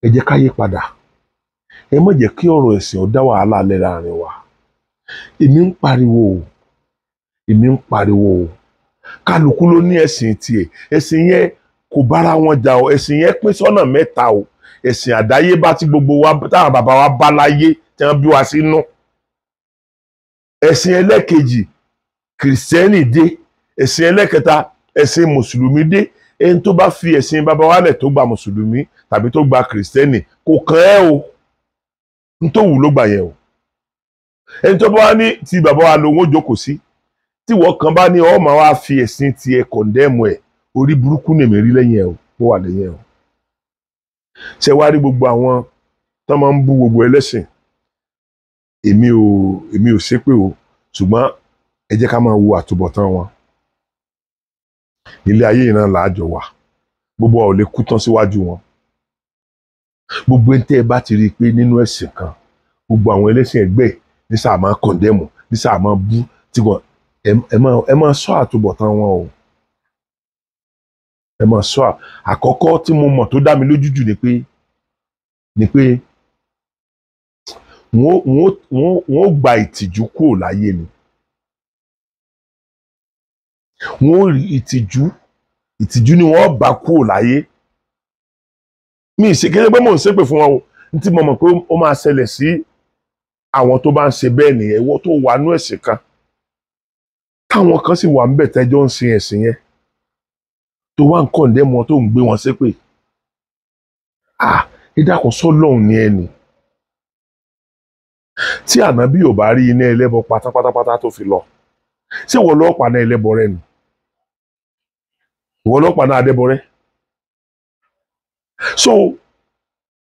ẹ jẹ́ ká yí padà ẹ má jẹ́ kí ọ̀rọ̀ ẹ̀sìn ó dá wàhálà lẹ̀ láàrin wa èmi ń pariwo o èmi ń pariwo o kálukú ló ní ẹ̀sìn tiẹ̀ ẹ̀sìn yẹn kò bára wọn jà o ẹ̀sìn yẹn pín sọ́nà mẹ́ta o ẹ̀sìn àdáyébá tí gbogbo wa táwọn bàbá wa bá láyé tí wọ́n bí wa sínú ẹ̀sìn ẹlẹ́kejì kìrìsìtẹ́nì dé ẹ̀sìn ẹlẹ́kẹta ẹ̀sìn mùsùlùmí dé ẹni tó bá fi ẹ̀sìn bàbá wa lẹ̀ tó gba mùsùlùmí tàbí tó gba kìrìsìtẹ́nì kò kàn ẹ́ o nítòwù ló gbà yẹn o ẹni tó bá wá ní ti bàbá wa lòun ó jókòó sí tíwọ́ kan bá ní ó máa fi ẹ̀sìn tiẹ̀ kọ̀ndẹ́mù ẹ̀ orí burúkú nèmi rí lẹ́yìn ẹ̀ o mo wà lẹ́yìn ẹ̀ o ṣe wá rí gbogbo àwọn tó máa ń bú gbogbo ẹlẹ́sìn èmi ò èmi ò ṣépè o ṣùgbọ́n ẹ jẹ́ ká máa wo àtúbọ̀tán wọn ilé ayé ìran làájọ wà gbogbo ọ̀ lè kú tán síwájú wọn gbogbo ẹni tẹ́ ẹ bá ti rí i pé nínú ẹ̀sìn kan gbogbo àwọn ẹlẹ́sìn ẹgbẹ́ ní sáà máa kọ̀ndẹ́mù ní sáà máa bú tí ẹ máa sọ àtúbọ̀tán wọn o ẹ mọ̀ sọ àkọ́kọ́ tí mo mọ̀ tó dá mi lójú jù ni pé ni pé wọ́n ó gba ìtìjú kúrò láyé mi wọ́n ó rí ìtìjú ìtìjú ni wọ́n bá kúrò láyé mi ì ṣe kéré pé mò ń ṣépè fún wọn o ní tí mo mọ̀ pé ó máa ṣẹlẹ̀ sí àwọn tó bá ń ṣe bẹ́ẹ̀ nìyẹn ìwọ tó wà nú ẹ̀sìn kan táwọn kan sì wà ń bẹ̀ tẹ́jọ́ ń sin ẹ̀sìn yẹn tó wá ń kọ̀ǹdẹ́ mọ tó ń gbé wọn ṣépè à ìdákun sọ́lọ́hún ni ẹni tí ànábì ò bá rí iná ẹlẹ́bọ pátápátápátá tó fi lọ ṣé ìwọ lọ́ọ̀pá náà ẹlẹ́bọ rẹ nù ìwọ lọ́ọ̀pá náà adẹ́bọ rẹ so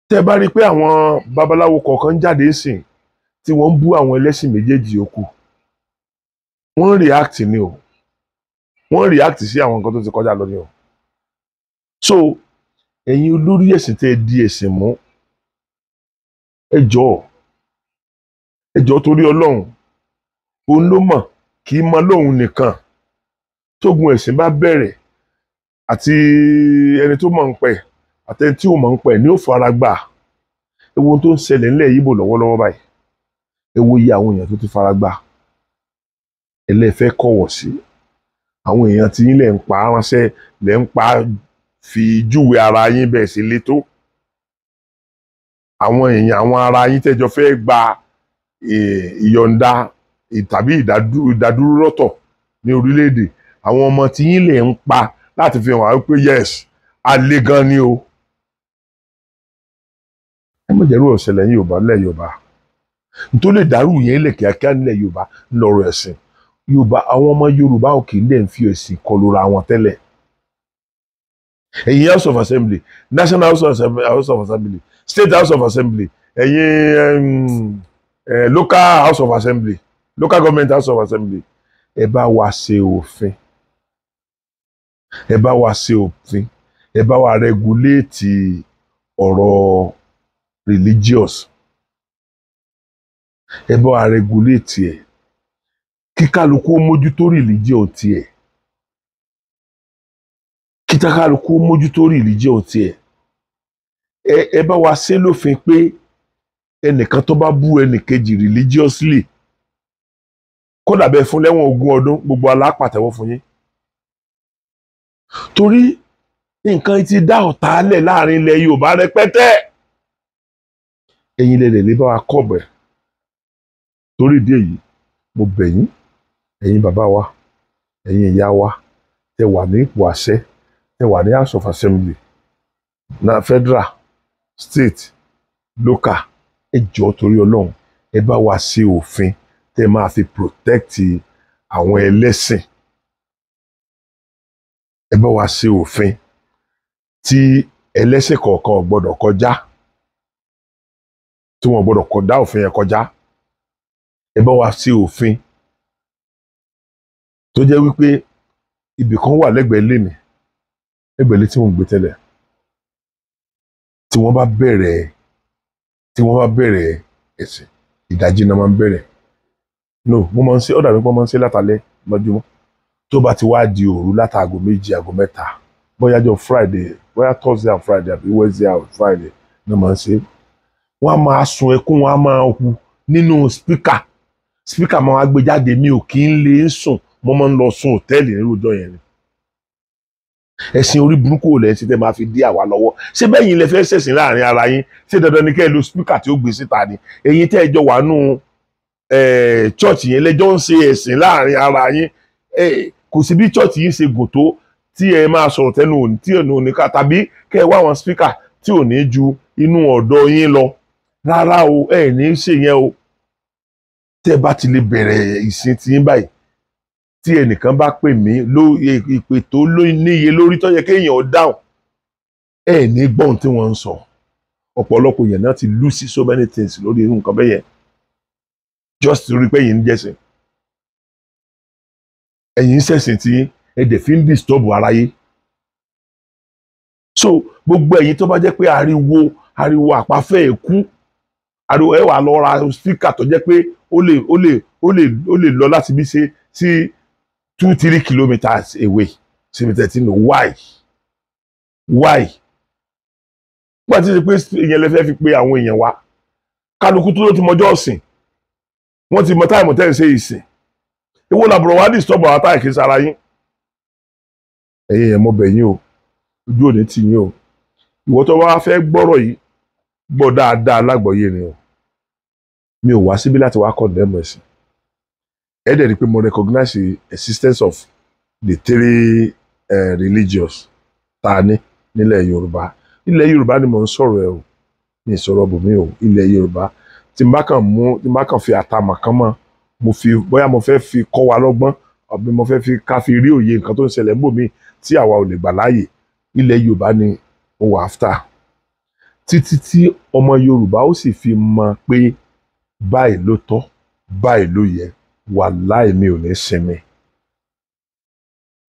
tẹ bá rí i pé àwọn babaláwo kọ̀ọ̀kan jáde sìn tí wọ́n ń bú àwọn ẹlẹ́sìn méjèèjì yòókù wọ́n ń react ni o wọ́n react sí àwọn nǹkan tó ti kọjá lónìí o so ẹ̀yin olórí ẹ̀sìn tẹ́ ẹ di ẹ̀sìn mú ẹ jọ̀ọ́ ẹ jọ̀ọ́ torí Ọlọ́run òun ló mọ̀ kì í mọ lóun nìkan tógun ẹ̀sìn bá bẹ̀rẹ̀ àti ẹni tó mọ̀ ń pẹ̀ àtẹni tí ò mọ̀ ń pẹ̀ ni ó fara gbà ewu tó ń ṣẹlẹ̀ ńlẹ̀ yìí bò lọ́wọ́lọ́wọ́ báyìí ewu iye àwọn èèyàn tó ti fara gbà ẹlẹ́fẹ́ kọ̀wọ̀ sí àwọn èèyàn tí yín lẹ̀ ń pa ránṣẹ́ lẹ̀ ń pa fi júwe ara yín bẹ́ẹ̀ ṣe lé tó àwọn èèyàn àwọn ara yín tẹ́jọ fẹ́ gba e, ìyọ̀ǹda e, tàbí ìdádúró lọ́tọ̀ ní orílẹ̀-èdè àwọn ọmọ tí yín lè ń pa láti fi hàn pé yes a lè gan ni o. ẹ mọ̀ jẹ́rú ọ̀sẹ̀ lẹ́yìn yorùbá nílẹ̀ yorùbá nítorí lè dàrú yẹn lè kíákíá nílẹ̀ yorùbá ńlọrọ̀ ẹ̀sìn. Yorùbá àwọn ọmọ Yorùbá ò kì ń fi ẹ̀sìn kọlura wọn tẹ́lẹ̀ ẹ̀yin House of Assembly National House of Assembly, State House of Assembly ẹ̀yin eh, Local House of Assembly Local Government House of Assembly ẹ bá wa ṣe òfin ẹ bá wa ṣe òfin ẹ bá wa rẹguléètì ọ̀rọ̀ religious ẹ bá wa rẹguléètì ẹ̀ kí kálukú ó mójútó rìlíjìn tiẹ̀ kí kálukú ó mójútó rìlíjìn tiẹ̀ ẹ ẹ bá wa ṣe lófin pé ẹnìkan tó bá bú ẹnìkejì religiously kódà bẹ́ẹ̀ fún lẹ́wọ̀n ogún ọdún gbogbo alápàtẹ́wọ́ fún yín torí nǹkan ti dá ọ̀tá lẹ̀ láàrin ilẹ̀ Yorùbá rẹpẹtẹ ẹ̀yin lẹ̀ lè bá wa kọ̀ bẹ̀ torí ìdí èyí mo bẹ̀ yín ẹ̀yin bàbá wa ẹ̀yin ìyá wa tẹ wà ní ipò àṣẹ tẹ wà ní house of assembly na federal state local ẹ jọ̀ọ́ torí ọlọ́run ẹ bá wa ṣe òfin tẹ máa fi protect àwọn ẹlẹ́sìn ẹ bá wa ṣe òfin tí ẹlẹ́sìn kọ̀ọ̀kan ò gbọ́dọ̀ kọjá tí wọ́n gbọ́dọ̀ kọjá òfin yẹn kọjá ẹ bá wa ṣe òfin tó jẹ́ wípé ibì kan wà lẹ́gbẹ̀ẹ́ ilé mi lẹ́gbẹ̀ẹ́ ilé tí mo ń gbé tẹ́lẹ̀ tí wọ́n bá bẹ̀rẹ̀ tí wọ́n bá bẹ̀rẹ̀ ẹ̀sìn ìdájí náà máa ń bẹ̀rẹ̀ no mo máa ń ṣe ọ̀dà mi pọ́n máa ń ṣe látàlẹ́ lọ́júmọ́ tó bá ti wá di òru látàgò méjì àgò mẹ́ta bóyá jọ friday bóyá thursday and friday àbí wednesday and friday náà máa ń ṣe wọ́n á máa sun ẹkún wọ́n á máa hu nínú spíkà spíkà máa gbé jáde mi ò kí ń lè sùn mo máa ń lọ sùn òtẹ́ẹ̀lì nírú ọjọ́ yẹn ni ẹ̀sìn orí burúkú ò lẹ́yìn tí tẹ́ máa fi dí àwa lọ́wọ́ ṣé bẹ́yìn lẹ fẹ́ ṣẹ̀sìn láàrin ara yín ṣé dandan ni kẹ́ ẹ lo spíkà tí ó gbé síta ni èyí tẹ́ ẹ jọ wà nù chọ́ọ̀tì yẹn lẹ́jọ́ ń ṣe ẹ̀sìn láàrin ara yín kò sí bí chọ́ọ̀tì yín ṣe gùn tó tí ẹ máa sọ̀rọ̀ tẹnu òní tí ò òní ká tàbí kẹ́ ẹ wá àwọn spíkà tí ò ní ju inú ọ̀dọ̀ yín lọ rárá o ẹ̀ ní ṣèyẹn o tẹ́ bá ti lè bẹ̀rẹ̀ ìsìn tiyín báyìí tí ẹnìkan bá pè mí ló e, ìpè tó níye lórí tó yẹ kéèyàn ó dáhùn ẹ ní gbọ́n tí wọ́n ń sọ ọ̀pọ̀lọpọ̀ yẹn náà ti lose so many things lórí irú nǹkan bẹ́yẹn just rí pé yìí ń jẹ́sìn ẹ̀yìn ń ṣẹ̀sìn tí ẹ̀dẹ̀ fi ń disturb aráyé so gbogbo ẹ̀yin tó bá jẹ́ pé ariwo ariwo àpáfẹ́ èkú ariwo ẹ̀ wà lọ ra speaker tó jẹ́ pé ó ó lè lọ láti bí ṣe sí two three kilometers away síbi tẹ̀tí nù why why nígbà tí ó ṣe pé ìyẹn lè fẹ́ fi pe àwọn èèyàn wá kálukú tó ló ti mọjọ́ ọ̀sìn wọ́n ti mọ táìmù tẹ́ ń ṣe ìsìn èwo làbúrò wá disturb àwọn táì kì í sara yín ẹ̀yin èèyàn mo bẹ̀ yín o ojú òní tì yín o ìwọ tó wá fẹ́ gbọ́rọ̀ yìí gbọ́ dáadáa lágbọ̀ọ́yé ni o mi ò wá síbí láti wá kọ́ ǹdẹ́mọ̀ ẹ̀sìn ẹ dẹ̀ rí pé mo recognize the existence of the three uh, eh, religions tá a ní nílẹ̀ Yorùbá ilẹ̀ Yorùbá ni mo ń sọ̀rọ̀ ẹ o ní ìsọ̀rọ̀ bùnmí o ilẹ̀ Yorùbá tí n bá kàn mú tí n bá kàn fi àtàmà kan mọ́ mo fi bóyá mo fẹ́ fi kọ́ wa lọ́gbọ́n àbí mo fẹ́ fi ká fi rí òye nǹkan tó ń ṣẹlẹ̀ ń bò mí tí àwa ò lè gbà láàyè ilẹ̀ Yorùbá ni mo wà áfítà títí tí ọmọ Yorùbá ó sì fi mọ̀ pé báyìí ló tọ́ báyìí ló yẹ wàláì mi ò ní sinmi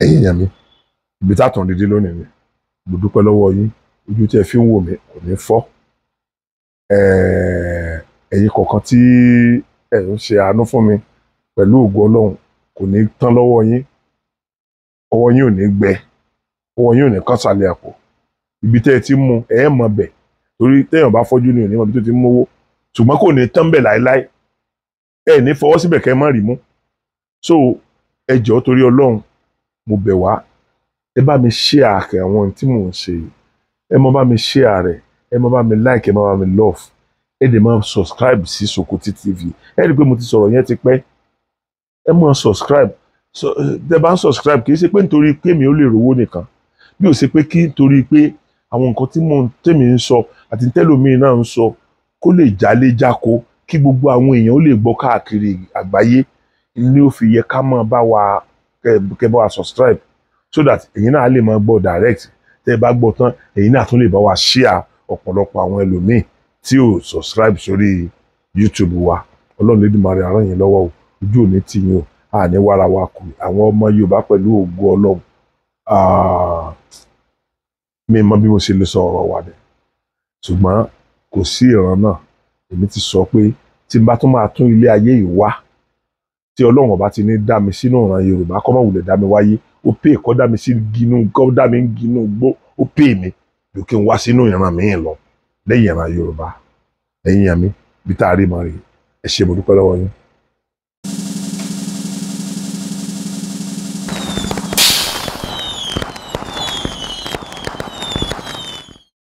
ẹ̀yin èèyàn mi ibi tátàn dídí lónìí ni mo dúpẹ́ lọ́wọ́ yín ojú tí ẹ fi ń wò mí kò ní fọ́ ẹ̀yin kọ̀ọ̀kan tí ẹ ń ṣe àánú fún mi pẹ̀lú ògo Ọlọ́run kò ní tán lọ́wọ́ yín ọwọ́ yín ò ní gbẹ ọwọ́ yín ò ní kán sálẹ̀ àpò ibi tẹ́ ẹ ti mú ẹ mọ̀ bẹ̀ torí téèyàn bá fọ́jú ni ò ní mọ̀ bí tó ti mówó ṣùgbọ́n kò ní tán bẹ̀ láéláé ẹ ní fọwọ́ síbẹ̀ kẹ́ ẹ má rí mú so ẹ jọ̀ọ́ torí ọlọ́run mo bẹ̀ wá ẹ bá mi ṣe àkẹ àwọn tí mò ń ṣe ẹ má bá mi ṣe àrẹ ẹ má bá mi like ẹ má bá mi love ẹ dẹ̀ máa subscribe sí Sokoti TV ẹ rí i pé mo ti sọ̀rọ̀ yẹn ti pẹ́ ẹ máa subscribe tẹ bá ń subscribe kì í ṣe pé nítorí pé mi ò lè rówó nìkan bí ó ṣe pé kí nítorí pé àwọn nǹkan tí mò ń tèmi ń sọ àti tẹ́lòmíì náà ń sọ kó lè jálé jáko kí gbogbo àwọn èèyàn ó lè gbọ́ káàkiri àgbáyé ni ó fi yẹ ká máa bá wa kẹ́ bá wa subscribe so that ẹ̀yin náà lè máa gbọ́ direct tẹ́ ẹ bá gbọ́ tán ẹ̀yin náà tún lè bá wa share ọ̀pọ̀lọpọ̀ àwọn ẹlòmíì tí ò subscribe sórí YouTube wa ọlọ́run lédùmarè á ràn yín lọ́wọ́ o ojú òní tì yín o àní wàrà wa kù àwọn ọmọ Yorùbá pẹ̀lú ògo ọlọ́run ah, mi mọ bí mo ṣe lè sọ ọ̀rọ̀ wa dẹ̀ ṣùgbọ́n kò sí ìran náà èmi ti sọ pé tí n bá tún máa tún ilé ayé yìí wá tí ọlọ́run ọba ti ní dá mi sínú ọ̀ràn yorùbá kọ́ máa wulẹ̀ dá mi wáyé ó pè kọ́ dá mi sí ginú kọ́ dá mi ginú gbó ó pè mí jù kí n wá sínú ìran mi lọ lẹ́yìn ìran yorùbá ẹ̀yin àmì bí tá a rí mọ́ rèé ẹ ṣé mo dúpẹ́ lọ́wọ́ yín.